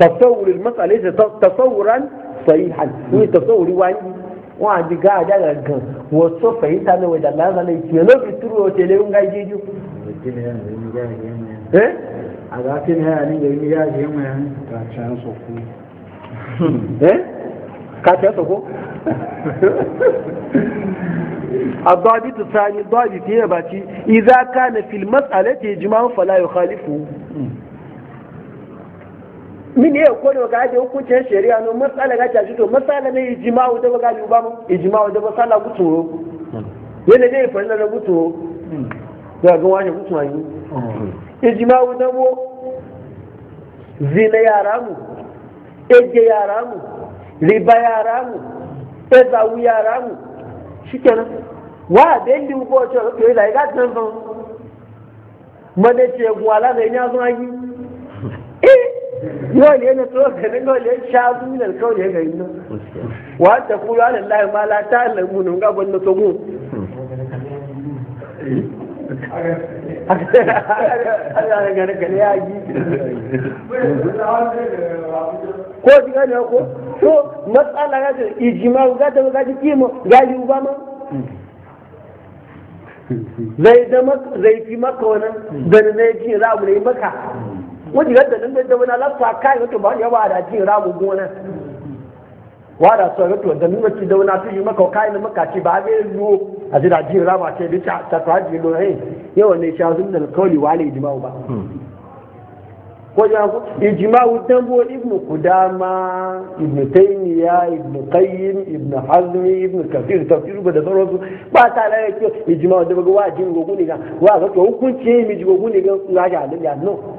تصور المسألة ليس تصورا صحيحا هو تصور واحد واحد قاعد على الجن وصف فهمت أنا وإذا لا أنا يتيلو بترو وتليون قاعد يجيو ها إيه؟ على ها هذا يجي يجي يوم يعني كاتشان صفو ها كاتشان صفو الضابط الثاني الضابط هنا باتي إذا كان في المسألة إجماع فلا يخالفه min ya kodo ga aje hukuncin shari'a no matsala ga ta to matsala ne ijma'u da ga ba mu ijma'u da ba sala gutu yana ne fara da gutu da ga wani gutu ayi ijma'u da mu zina yara mu eje yara mu riba yara mu ezawu yara mu shikenan wa da yi ko to to da ga tan ban madace gwala da ina zuwa yi eh yau ne na tsohon ganin yau ne sha zuwa alkawar ya gari nan wanda kuma ala lahi ma la ta alamu ne ko ji gane ko so matsala ga da ijima ga da ga ji kimo ga ji uba ma zai da zai fi maka wannan da zai ji za ne maka wani yadda nan da jama'a lafa kai wato ba ya ba da ji ramu gona wa da so wato da nuna ci da wani tuji maka kai na maka ci ba zai zo a ji da ji ramu ce da ta ta ta ji lo hey yawa ne sha zun da kauli wale jima'u ba hmm. ko ya ku ijma'u tambo ibnu kudama ibnu taymiya ibnu qayyim ibnu hazm ibnu kafir tafsir ba da sauransu ba ta la yake ijma'u da ba wajin gogu ne ga wa ga to hukunci mi gogu ne ga ga da ya no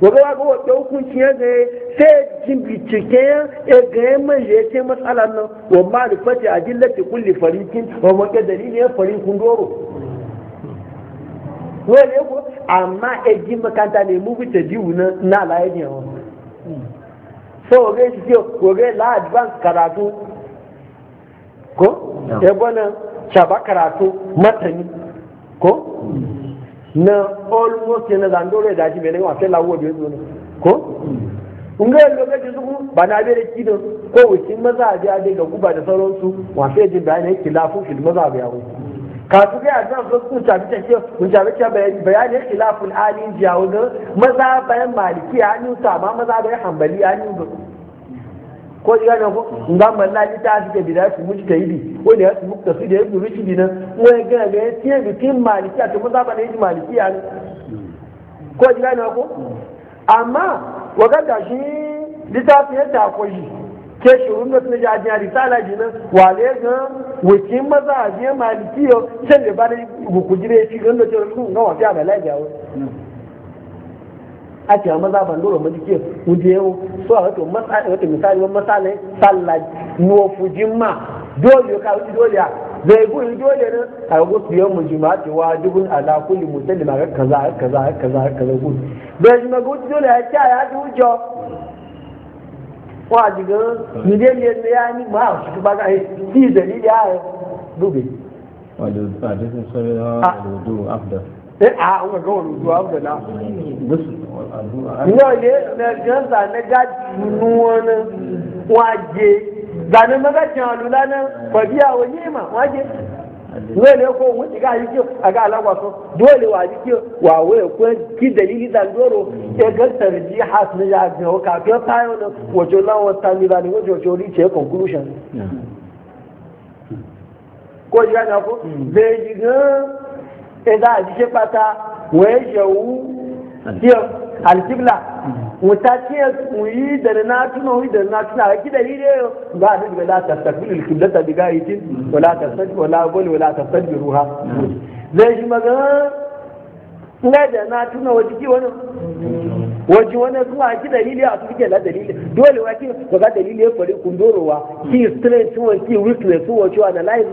gobe ga wata hukunci ya gaya sai jin bincike ya gaya manje ya ce matsala nan wa ma rufati a dillati kulli farikin wa maka ya farikun doro wani ko amma e ji makanta ne mu bita jiwu na na laye ne wa so gobe shi ce gobe la advance karatu ko ya gwana shaba karatu matani ko na almost yana zando rai da shi bai wa sai lawo bai zo ko kun ga lokacin su ba na bai da kidan ko wucin maza a biya dai ga guba da sauransu sai jin bayani ki lafu fil maza a biya wai kasu ga zan su ta bi ta ke kun bi ta bayani yake lafu alin jiyawo maza bayan maliki ya ni sa ma maza bayan hambali ya ni ko ji gane ko nga malla ji ta fi bi da su muji ta yi ko ne su muka su da yi ruci bi nan ko ya ga ga ya tiye bi tin malikiya to mun zaba ne yi malikiya ne ko ji gane ko amma waga da shi litafi ya ta ko shi ke shirun da sun ja jiya risala ji nan wale ga wakin maza a je malikiyo sai da ba da ku kujire shi gando ce ku ga wa fiya da lafiya wani a ce maza ban dole mun ke kuje yau so a wato masala wato misali wani masala sallah no fujimma dole ka wuce dole ya zai gudu dole ne a go su yan mu jima'a ce wajibun ala kulli musallima ga kaza kaza kaza kaza gudu da shi mago dole ya ta ya ji hujjo wa diga ni dai ne ya ni ma shi ba ga shi dalili ya dube wa da ba da sun sabi da wudu afdal Eh, ah, a ga wani zuwa bala yau ne na gansa na gaji wani waje zane zanen magajin alula na kwabiya wa nema waje dole ko wuce ga yi kiyo a ga alagwa so dole wa yi kiyo wa waya ko ki dalili dan doro e ga tarji has na ya ga ka fiye tayo na wajo na wata mi ba ni wajo jori ce conclusion ko ya na ko zai yi ga ẹ̀dá àṣìṣe fata waye yẹ̀wú alkibla wuta ce yi da na tuna yi da na tuna a kida yi dai ba a daga la ta tafi alkibla ta diga yi tin wala ta tafi wala gol wala ta tafi ruha zai shi magana na da na tuna waje ki wani waje wani kuma a kida yi a suke la dalili dole wa ki ba ga dalili ya fari kundorowa ki strength wa ki weakness wa ci analyze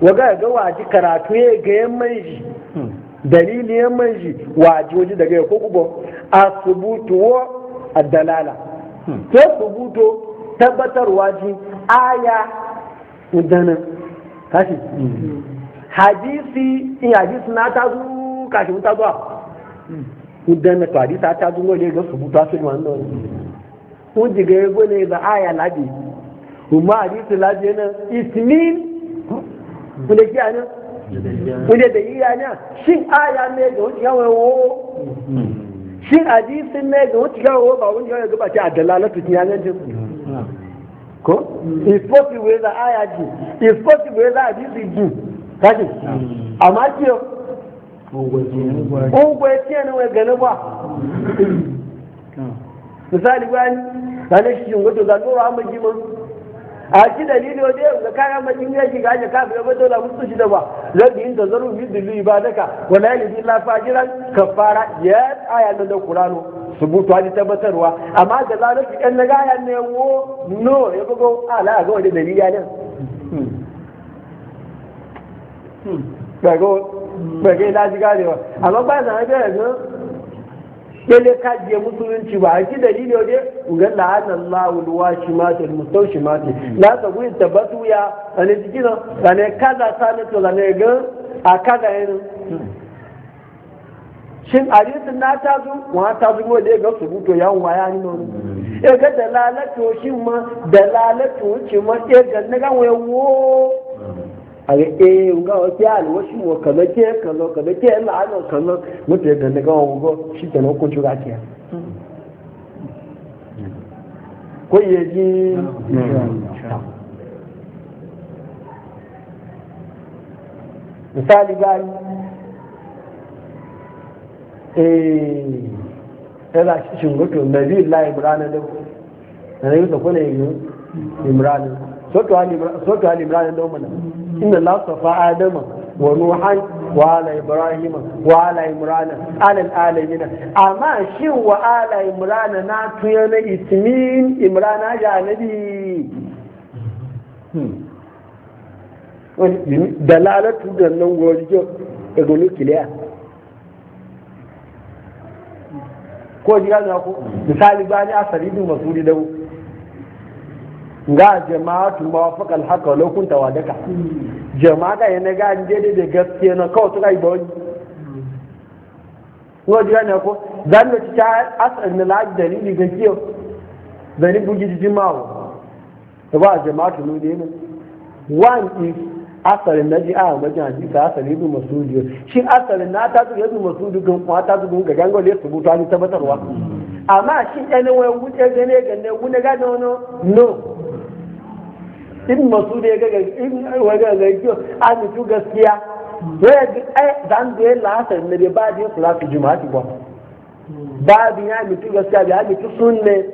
waga ga waji karatu ya ga yamman shi hmm. dalili yamman shi waji waji daga ya kubo a subutu a dalala ta hmm. subuto tabbatar waji aya udana kashi hmm. hadisi in hadisi na ta zo kashi ta zuwa udana to hadisi ta zo ne ga subutu asu ne wannan wani ga ya gone za aya labi kuma hadisi labi yana ismin wanda anya, a nan wanda da iya nan shin aya ne ga wuce yawon wo shin hadisin ne ga wuce yawon ba wuce yawon gaba ce a dalalatu ya nan jin ko it's possible wai za aya ji it's possible wai za hadisi ji kaji amma ki ungwe tiye ne wai gani misali gwani ba shi yin wato zanura amma ji ma a ci dalili wa dai ga kayan bakin ya shiga ya kafa ya bada la musu shi da ba zai ladhi inda zaru bi dillu ibadaka wa la ilaha illa fajiran kafara ya aya da da qur'ano subutu hadi tabbatarwa amma da zalunci kan naga ya ne wo no ya bugo ala ga wani dalili ya nan bago bagai da shiga ne wa amma ba zan ga yanzu dai ka je musulunci ba ji dalili ne ga la'ana Allahu alwashi mata almustawshi mata la ta guyin tabatu ya ane jikina ane kaza sane to ane ga a kaza yin shin hadisin na ta zo wa ta zo ne ga su buto ya waya ni non e ga dalalatu shin ma dalalatu shin ma e ga na ga wo a ga eh nga wa ti al washi wa kaza ke kaza kaza ke la ana kaza mutai ga daga wugo shi kenan ko jura ke ko yaji misali gani eh yana cikin gutu nabi Allah Ibrahim da na yi ta kone yi Imran sotu hal Imran da mana inna الله صفى adama ونوحا وآل إبراهيم وآل إمران آل ala imran ala amma shin wa ala imran na tuya na ismin imran ya hmm. ko ji na ku misali bani asali din masudi dawo ga jama'atu mawafaqal haka lokun tawa daga jama'a ga yana ga daidai da gaskiya na kawai to yi ibo ni ngo jira ne ko zan da cikin asirin na laji ni ga kiyo ni bugi mawa, da ba jama'atu ne ne one is asirin na ji a wajen hadisa asalin ibn masudiyo shi asirin na ta zuga ibn masu dukkan kuma ta zuga ga gango ya su buta ni tabbatarwa amma shi ɗanen wani wuce gane gane wani gano no in masu da ya gaga in waga ga kiyo a mutu gaskiya ya ga ai dan da ya lahasar ne da ba ji ya kula su juma'ati ba ba da ya mutu gaskiya da ya mutu sunne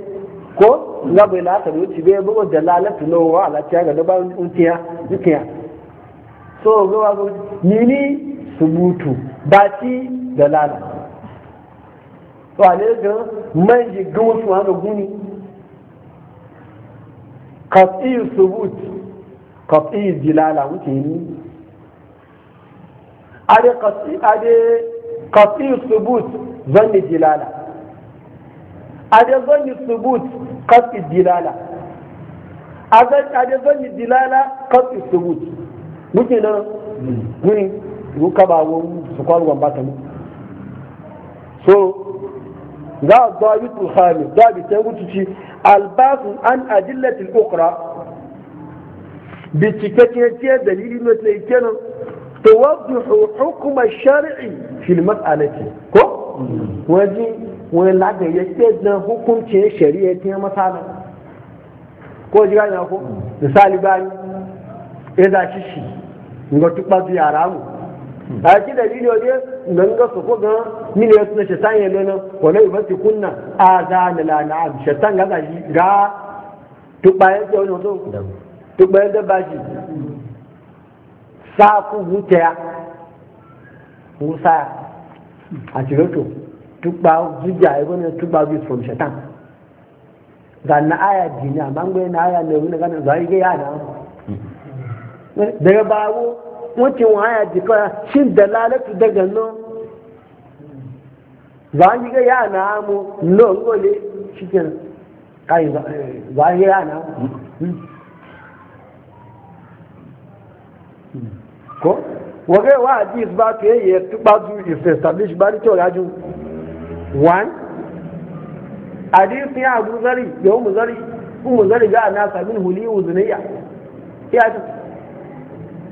ko ga bai lahasar wuce bai bugo da lalatu no wa la ta ga da ba untiya dukiya so ga wa ni ni subutu ba ci da lalata to ale ga man ji gumu su hanu guni kat'i subut kat'i jilala wuce ni ade kat'i ade kat'i subut zanni jilala ade zanni subut kat'i jilala ade zanni jilala kat'i subut wuce na guri hmm. ko kaba wo su kwalwan ba ta mu so ga zabitul khamis zabit ta gutu ci albasu an adillatil ukhra bitike ke ke dalili ne tai kenu tuwaddihu hukm ash-shar'i fi al-mas'alati ko waji wa la ga yake da hukunci shari'a ta masala ko ji ga ko misali ba ni eza shi shi ngotu yara mu a ki dalili ne ganga su ko gan mini yasu na shaitan ya lona wane yi mafi kunna a za na lana'am shaitan ga zashi ga tukbayen tsaye wani wato tukbayen dabba shi sa ku huta ya musa a ciroto tukba zuja ya gwani tukba bi from shaitan ga na aya jini amma ngwai na aya na wani ganin zai ga yana mm-hmm. daga babu wancin waya jika shin dalalatu daga nan za a ga ya na amu no ngole shikin kai za eh, a ya na ko wage wa hadis ba to yayi to ba zu ife establish ba to raju one hadis ya abu zari yau mu zari mu zari ga na sabin huli uzuniya ya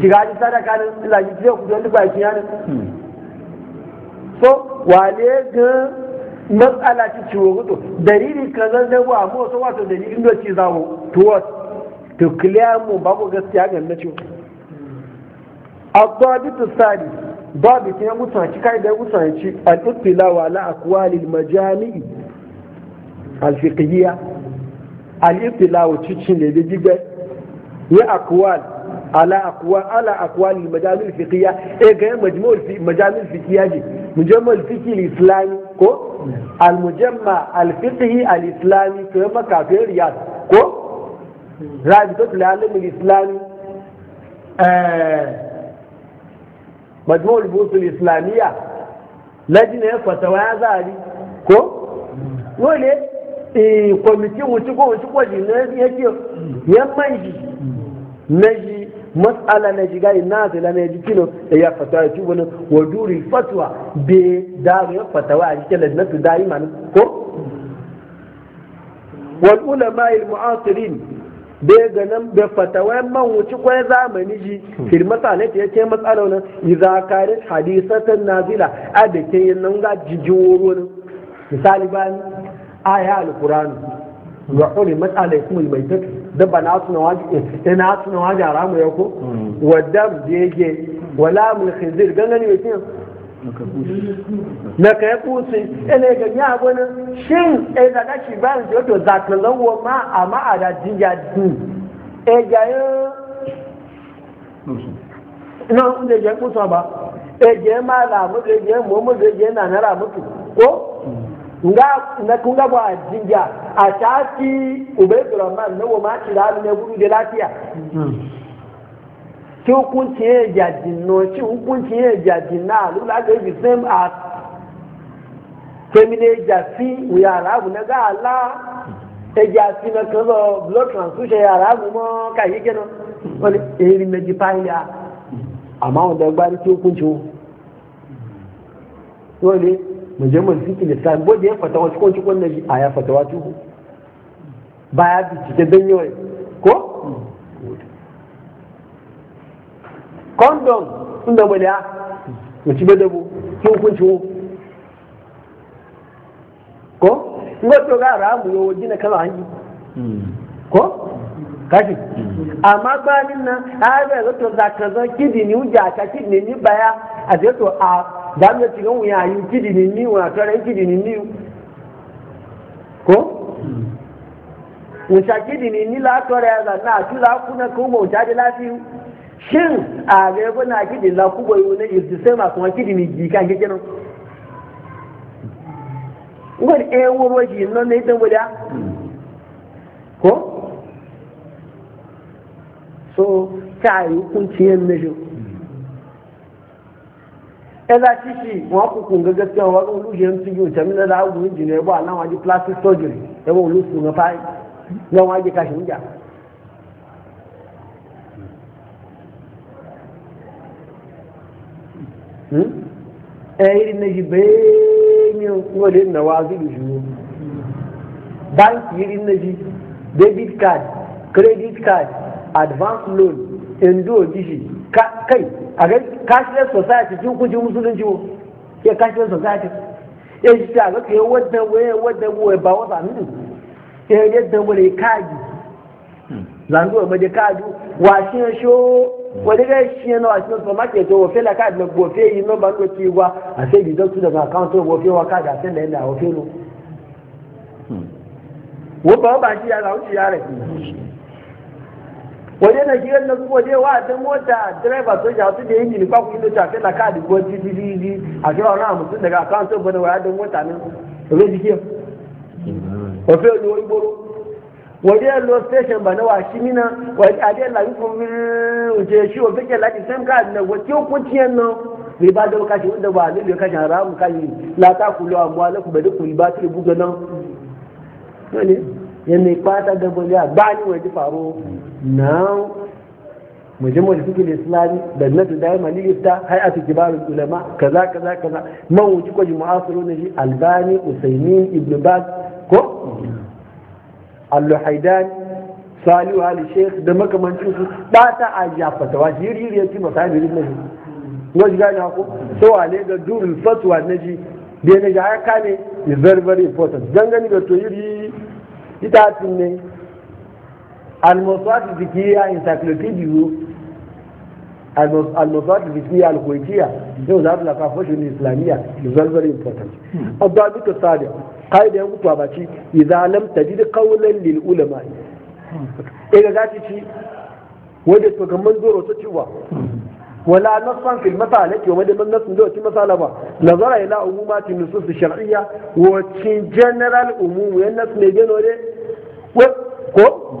jiga ji sadaka ku don duba so wale ga matsala ci dalili kazan da ba mu so wato dalilin da ci za mu to what to clear mu ba gaskiya ga na ciwo الضابط الثالث ضابط يا متعشي كاي ده متعشي الاطلاع ya ala akwa ala akwal majalis fiqhiyya e ga majmu'ul majalis fiqhiyya ji mujammal fiqhi al-islami ko al-mujamma al-fiqhi al-islami ko makafir riyad ko eh, ko e, komiti ko ko na matsala na shiga ina su na yaji kilo da eh, ya fatawa ya ci wani waduri fatwa be da ya fatawa a cikin lalata da yi mani ko wal ulama al mu'asirin be ganin be fatawa man wuci ya zamani ji fil matsala ta yace matsala wannan idza kare hadisatan nazila a da ke nan ga wani misali ba aya al-qur'ani matsala kuma hurimat mai almaytat dabba na suna waje ina eh, suna waje ramu ya ko mm. wa dam ge wala mul khinzir gangani mai tin na kai kusi ene ga ya gona shin e eh, da kashi ban to zakan lawo ma ma a da jinja din e eh, ga yo na unde ga kusa ba e je ma la mu je mu mu je na na ra ko nga na kunga ba jinja a tafi ubaidu rahman na wama ci da ne gudu da lafiya hmm. ki hukunci ya jajin e no e hmm. ki hukunci ya jajin na lula ga yi same as femine jafi yara abu na ga ala e jafi na kazo blood transfusion yara abu mo hmm. ka yi kenan wani eri na ji fahimta amma wanda gbari ki hukunci wani mujammal fikin islam gode ya fatawa cikin kwanci na a ya fatawa ya fi bincike don yawai ko? kondom sun da maliya ci bada bu ki kunci wu ko? in ga ra'amu yawon gina kama hangi hmm. ko? kashi amma banin nan a haifar da to zakazan kidini wuja ta kidini ni baya a zai to a damar cikin wuyayi kidini ni wa tare kidini ni ko wuta kidini ni la tare ya zanna a tula kuna ko wuta da lafiyu shin a zai kuna kidini la kubo yi wani irtisai masu wani kidini jika ke kenan wani ɗaya wani wajen nan na yi eh, tambaya ko so ta yi hukunci um nishin ẹ̀dá ṣíṣì wọn kúkú ń gẹ́gẹ́ tí wọn olú yẹn ń tún yóò eu vou ogun ìjìnlẹ̀ ẹ̀bọ́ aláwọn eu vou surgery ẹ̀wọ̀n olóṣù ń fa lọ́wọ́n ajé kaṣù ń jà. ẹ̀rí méjì bẹ́ẹ̀ ni wọ́n lè nà wá sí ìṣòro báńkì ẹ̀rí méjì debit card credit card advance loan indo dishi kai a ga cashless society kin kuji musulunci ko ya cashless society ya ta ga ke wadda waye wadda waye ba wata min ya wale kaji zango ma je kaji wa shi sho wani ga shi na wa shi supermarket to wofe la kaji na yi no ba ki wa a sai bi doctor daga account wofe wa kaji a sai da wofe no hmm. wo ba ba shi ya ya rafi waje na gidan na zuwa je wa dan mota driver so ya su da yin ni ba ku ilo ta kai la kadi ko ji ji ji a kira na mutum daga account ba da wa dan mota nan zai ji ke o fe ni wori boro waje lo station ba wa shi mina waje a je la ko mi o je shi o fe ke la di same na wace ko tiyan no ne ba da kashi wanda ba ne kashi haramu kashi, lata ta kulu amma la ku bada ku ba ta buga nan ne yanne kwata da boliya ba ni faro now mujimmin fikin islami da nadu da yamma lilita hay'atu kibarul ulama kaza kaza kaza man wuci ko na ne albani usaini ibn baz ko alluhaidan salihu ali sheikh da makamancin su ba ta ajiya fatawa yiri yiri yace masabi ibn nabi ngoji gani hako so wa ne ga durul na naji da ne ga haka ne is very very important gangani ga to yiri ita tin ne almoswati fikiria encyclopedie almoswati fikiria alkoitia ndio zatu la kafoshu ni islamia is very very important abdu abi to sadi kaide yangu to abachi idha lam tajid qawlan lil ulama za zati ci wanda to ga man doro to ciwa wala nasan fil masala ki wanda man nasan do ci masala ba nazara ila umumati nusus su wa ci general umum yan nas ne gano ne ko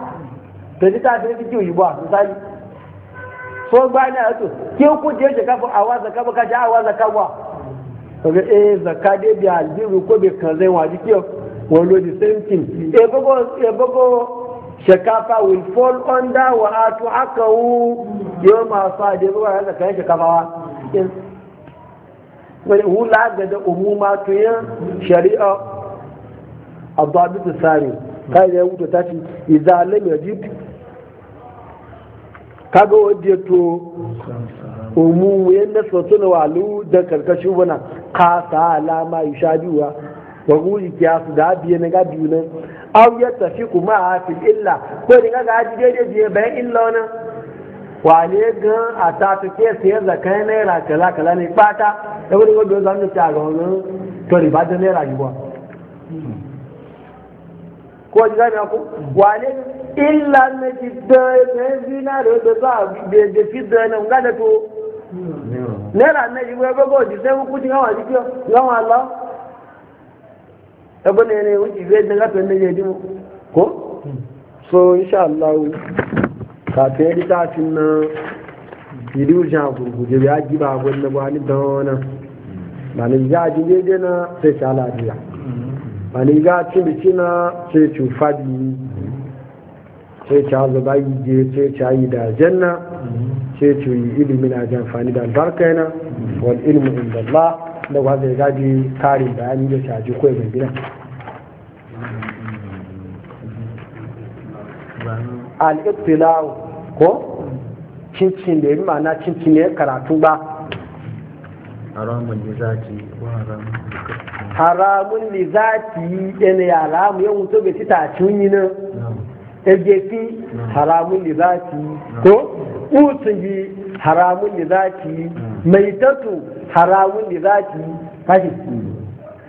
tẹ̀lé tá a fẹ́ fi kí òyìnbó àtúntáyé so gba ni a to ke ku je je kafa zaka ba ka a awa zaka ba kaga eh zaka dai bi albiru ko bi kan zai waji ke wallo the same thing e eh, bago e eh, bago shakafa will fall under wa atu akahu yawma sadi ruwa da kan shakafa wa wani hula ga da umuma to yan shari'a الضابط الثاني قال يا ولد تاتي اذا لم يجد kaga wadda to umumu yadda su tuna walu da karkashi wana kasa alama yi sha biyuwa wa da biya na ga biyu nan aw ya tafi kuma a fil illa ko ni ga daidai bayan illa wale gan a ta ke sai naira kala kala ne bata da wani zan ga to da naira yi ba ko ji illa na ci dai zinare da za a da fi dai nan ga ne to naira na ji wai bago ji sai hukunci gawa jiki gawa Allah ta bane ne wuce zai dinga to ne ya dimu ko so insha Allah kafin ya litafin nan yidu jan gurguje ya ji ba gwanna ba ni dona ba ni ga ji na sai sha lafiya ba na sai cufa sai ci hazo yi je sai ci yi da janna sai ci yi ilimi na jan amfani da albarka yana wal ilmu inda Allah da kwa zai gaji karin bayani da caji kawai mai gina al-ibtilau ko cincin da yi ma'ana cincin ne karatu ba haramun ne za ki haramun ne za yi yana yara mu yawon to bai ci tacin yi nan ejefi haramun da za ki ko utubi haramun da za ki maitatu haramun da za ki kashi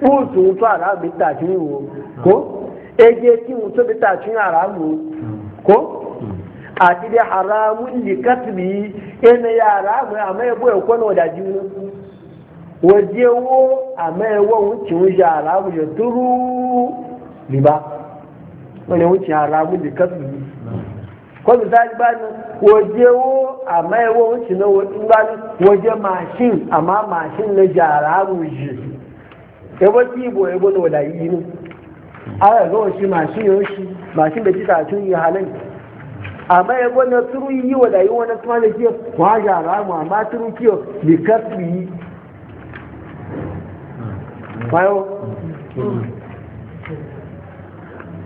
utu mutu haramun da ta ci wo ko ejefi mutu da ta ci haramun ko a ti da haramun da katbi ina ya haramun a mai boye kwano da juna waje a mai wa wucin haramun ya turu riba wani wuce haramu da kasu yi ko misali ba ni waje wo amma yawo wuce na waje mashin amma mashin na jaramu shi yabo e kibo yabo e na wadayi ne ala ga shi mashin yau shi mashin da kita tun yi halin amma yabo e na turu yi wadayi wani kuma da turu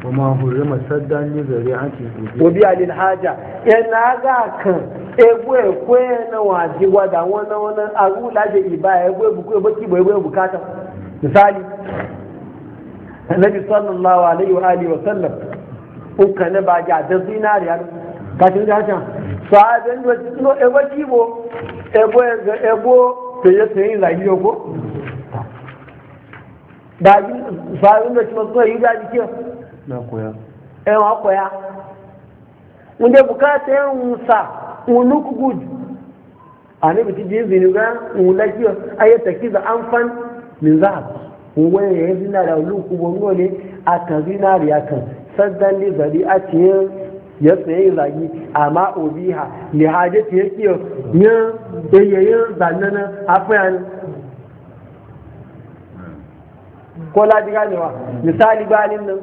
وما هرم سدا لذريعته وبيع للحاجة إن أغاك egwu ekwe na waji wada wani wani arula da iba egwu ebuku ebuki bu egwu bukata misali annabi sallallahu alaihi wa alihi wa sallam uka na ba ja da zinariya kashin da haka sahabin da no egwu kibo egwu egwu teye teye la yi ko na koya eh wa koya wanda bukata yan sa uluku gud ani bi ji zini ga ulaki ayata kiza anfan min za zahab wani ya zina da unuku bongo ne a kan zinari a kan saddan li zari a cikin ya tsaye zagi a ha obiha li hajjati yake yin bayyayin zannana afiyan ko laji ganewa misali banin nan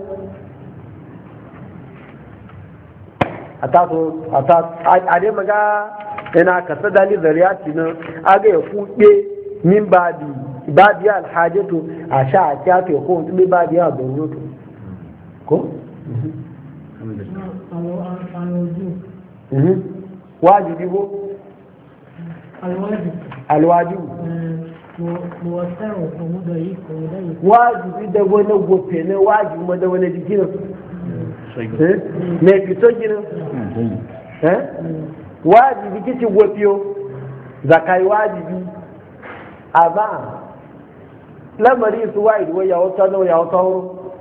a taso a taso a dai maga yana kasa dali zariyati nan aga ya kuɗe min babi babi to, a sha e a kyato ya kowace mai babi ya zaruroto ko? Mhm. wajibi ko? alwajibu wajibi da wani gofe na wajibi ma da wani jikinan mai fito ginin wajibi kici gwafiyo zakai wajibi amma lamari su wa ya wata nau ya wata horo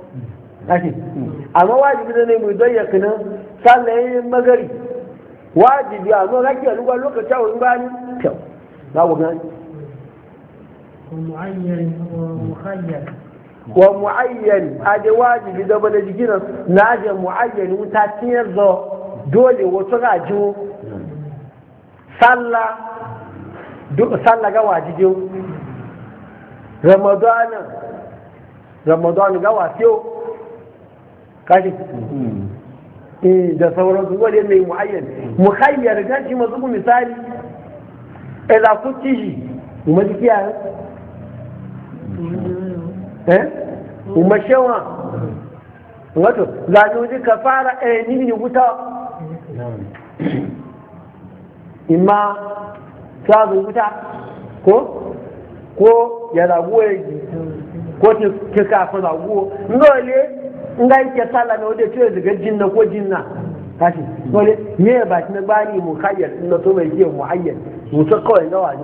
ake hmm. amma wajibi ne mai don yakinin sallayin magari wajibi amma rake a ruwa lokacin wurin bani kyau za ku gani ومعين wa mu'ayyan a da wajibi da bane jiginan na aje mu'ayyan wuta tiyar zo dole wato raju sallah sallah ga wajibi ramadana ramadana ga wasiyo kashi hmm. eh, da sauran su wani mai mu'ayyan mukhayyar ga shi masu misali ila za mu ci shi eh umashewa wato zanuji ka fara eh wuta imma ta wuta ko ko ya raguwa eh, ko ki kafa raguwa dole nga yake sala na wadda cewa daga jinna ko jinna kashi dole ne ba shi na bani mu hayyar na to mai ke mu hayyar mu ta kawai gawa ne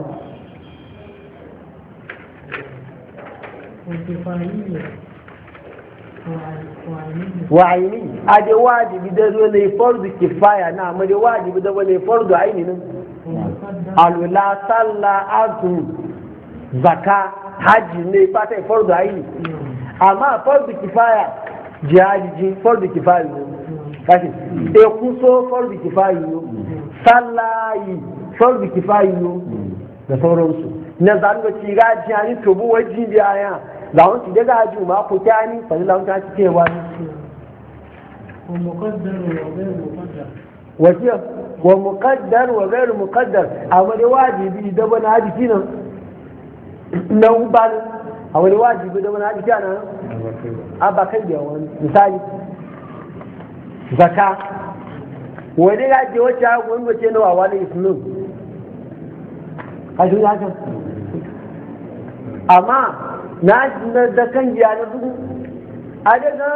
wa'ayini a da wajibi da zo ne fardu kifaya na amma da wajibi da wani fardu aini nan alula salla azu zaka hajji ne ba ta fardu aini amma fardu kifaya jihajiji fardu kifaya ne kashi e kuso fardu kifaya ne sallayi fardu kifaya ne da sauransu na zanuwa ci gajiya ni tobu wajibi a zawon su daga hajji ma ku ta ni fa zawon ta ci cewa wasiya wa muqaddar wa ghairu muqaddar amma dai wajibi da bana haji nan na ba amma dai wajibi da bana haji nan abba kai da wani misali zaka wani ya ce wacce ya gwani wace na wawa na isnin a shi amma na da kan giya na dubu a daga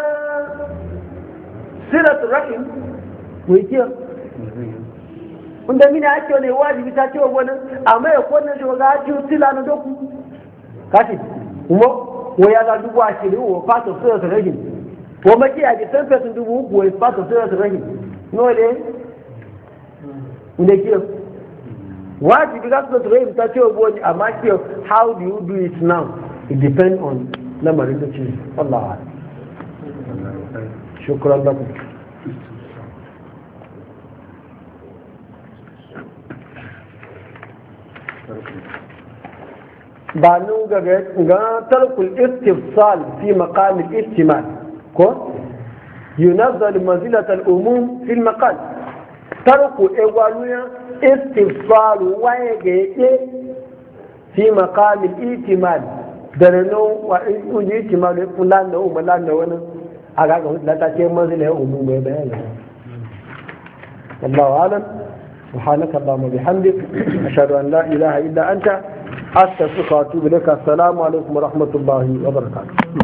sirat rahim mai kiyar inda mina ake wani wajibi ta ce wa wani amma ya kwanan shi waga ake sila na doku kashi kuma wa ya za dubu ashirin wa fata sirat rahim wa maki a ke san fesin dubu uku wa fata sirat rahim nole inda kiyar wajibi ga sirat rahim ta ce wa wani amma kiyar how do you do it now it depends on lamarin da ce Allah shukran lakum ba nun ga tarkul istifsal fi maqam al ihtimal ko yunazzal manzilat al umum fi al maqam tarku ewaluya istifsal wa ga fi maqam al ihtimal dare no wa e, uji ti ma e, le kula no ma la no wona aga ga la ta ce manzi le umu be be wallahu alam subhanaka allahumma bihamdik ashhadu an la ilaha illa anta astaghfiruka wa atubu ilaik assalamu alaikum wa rahmatullahi wa barakatuh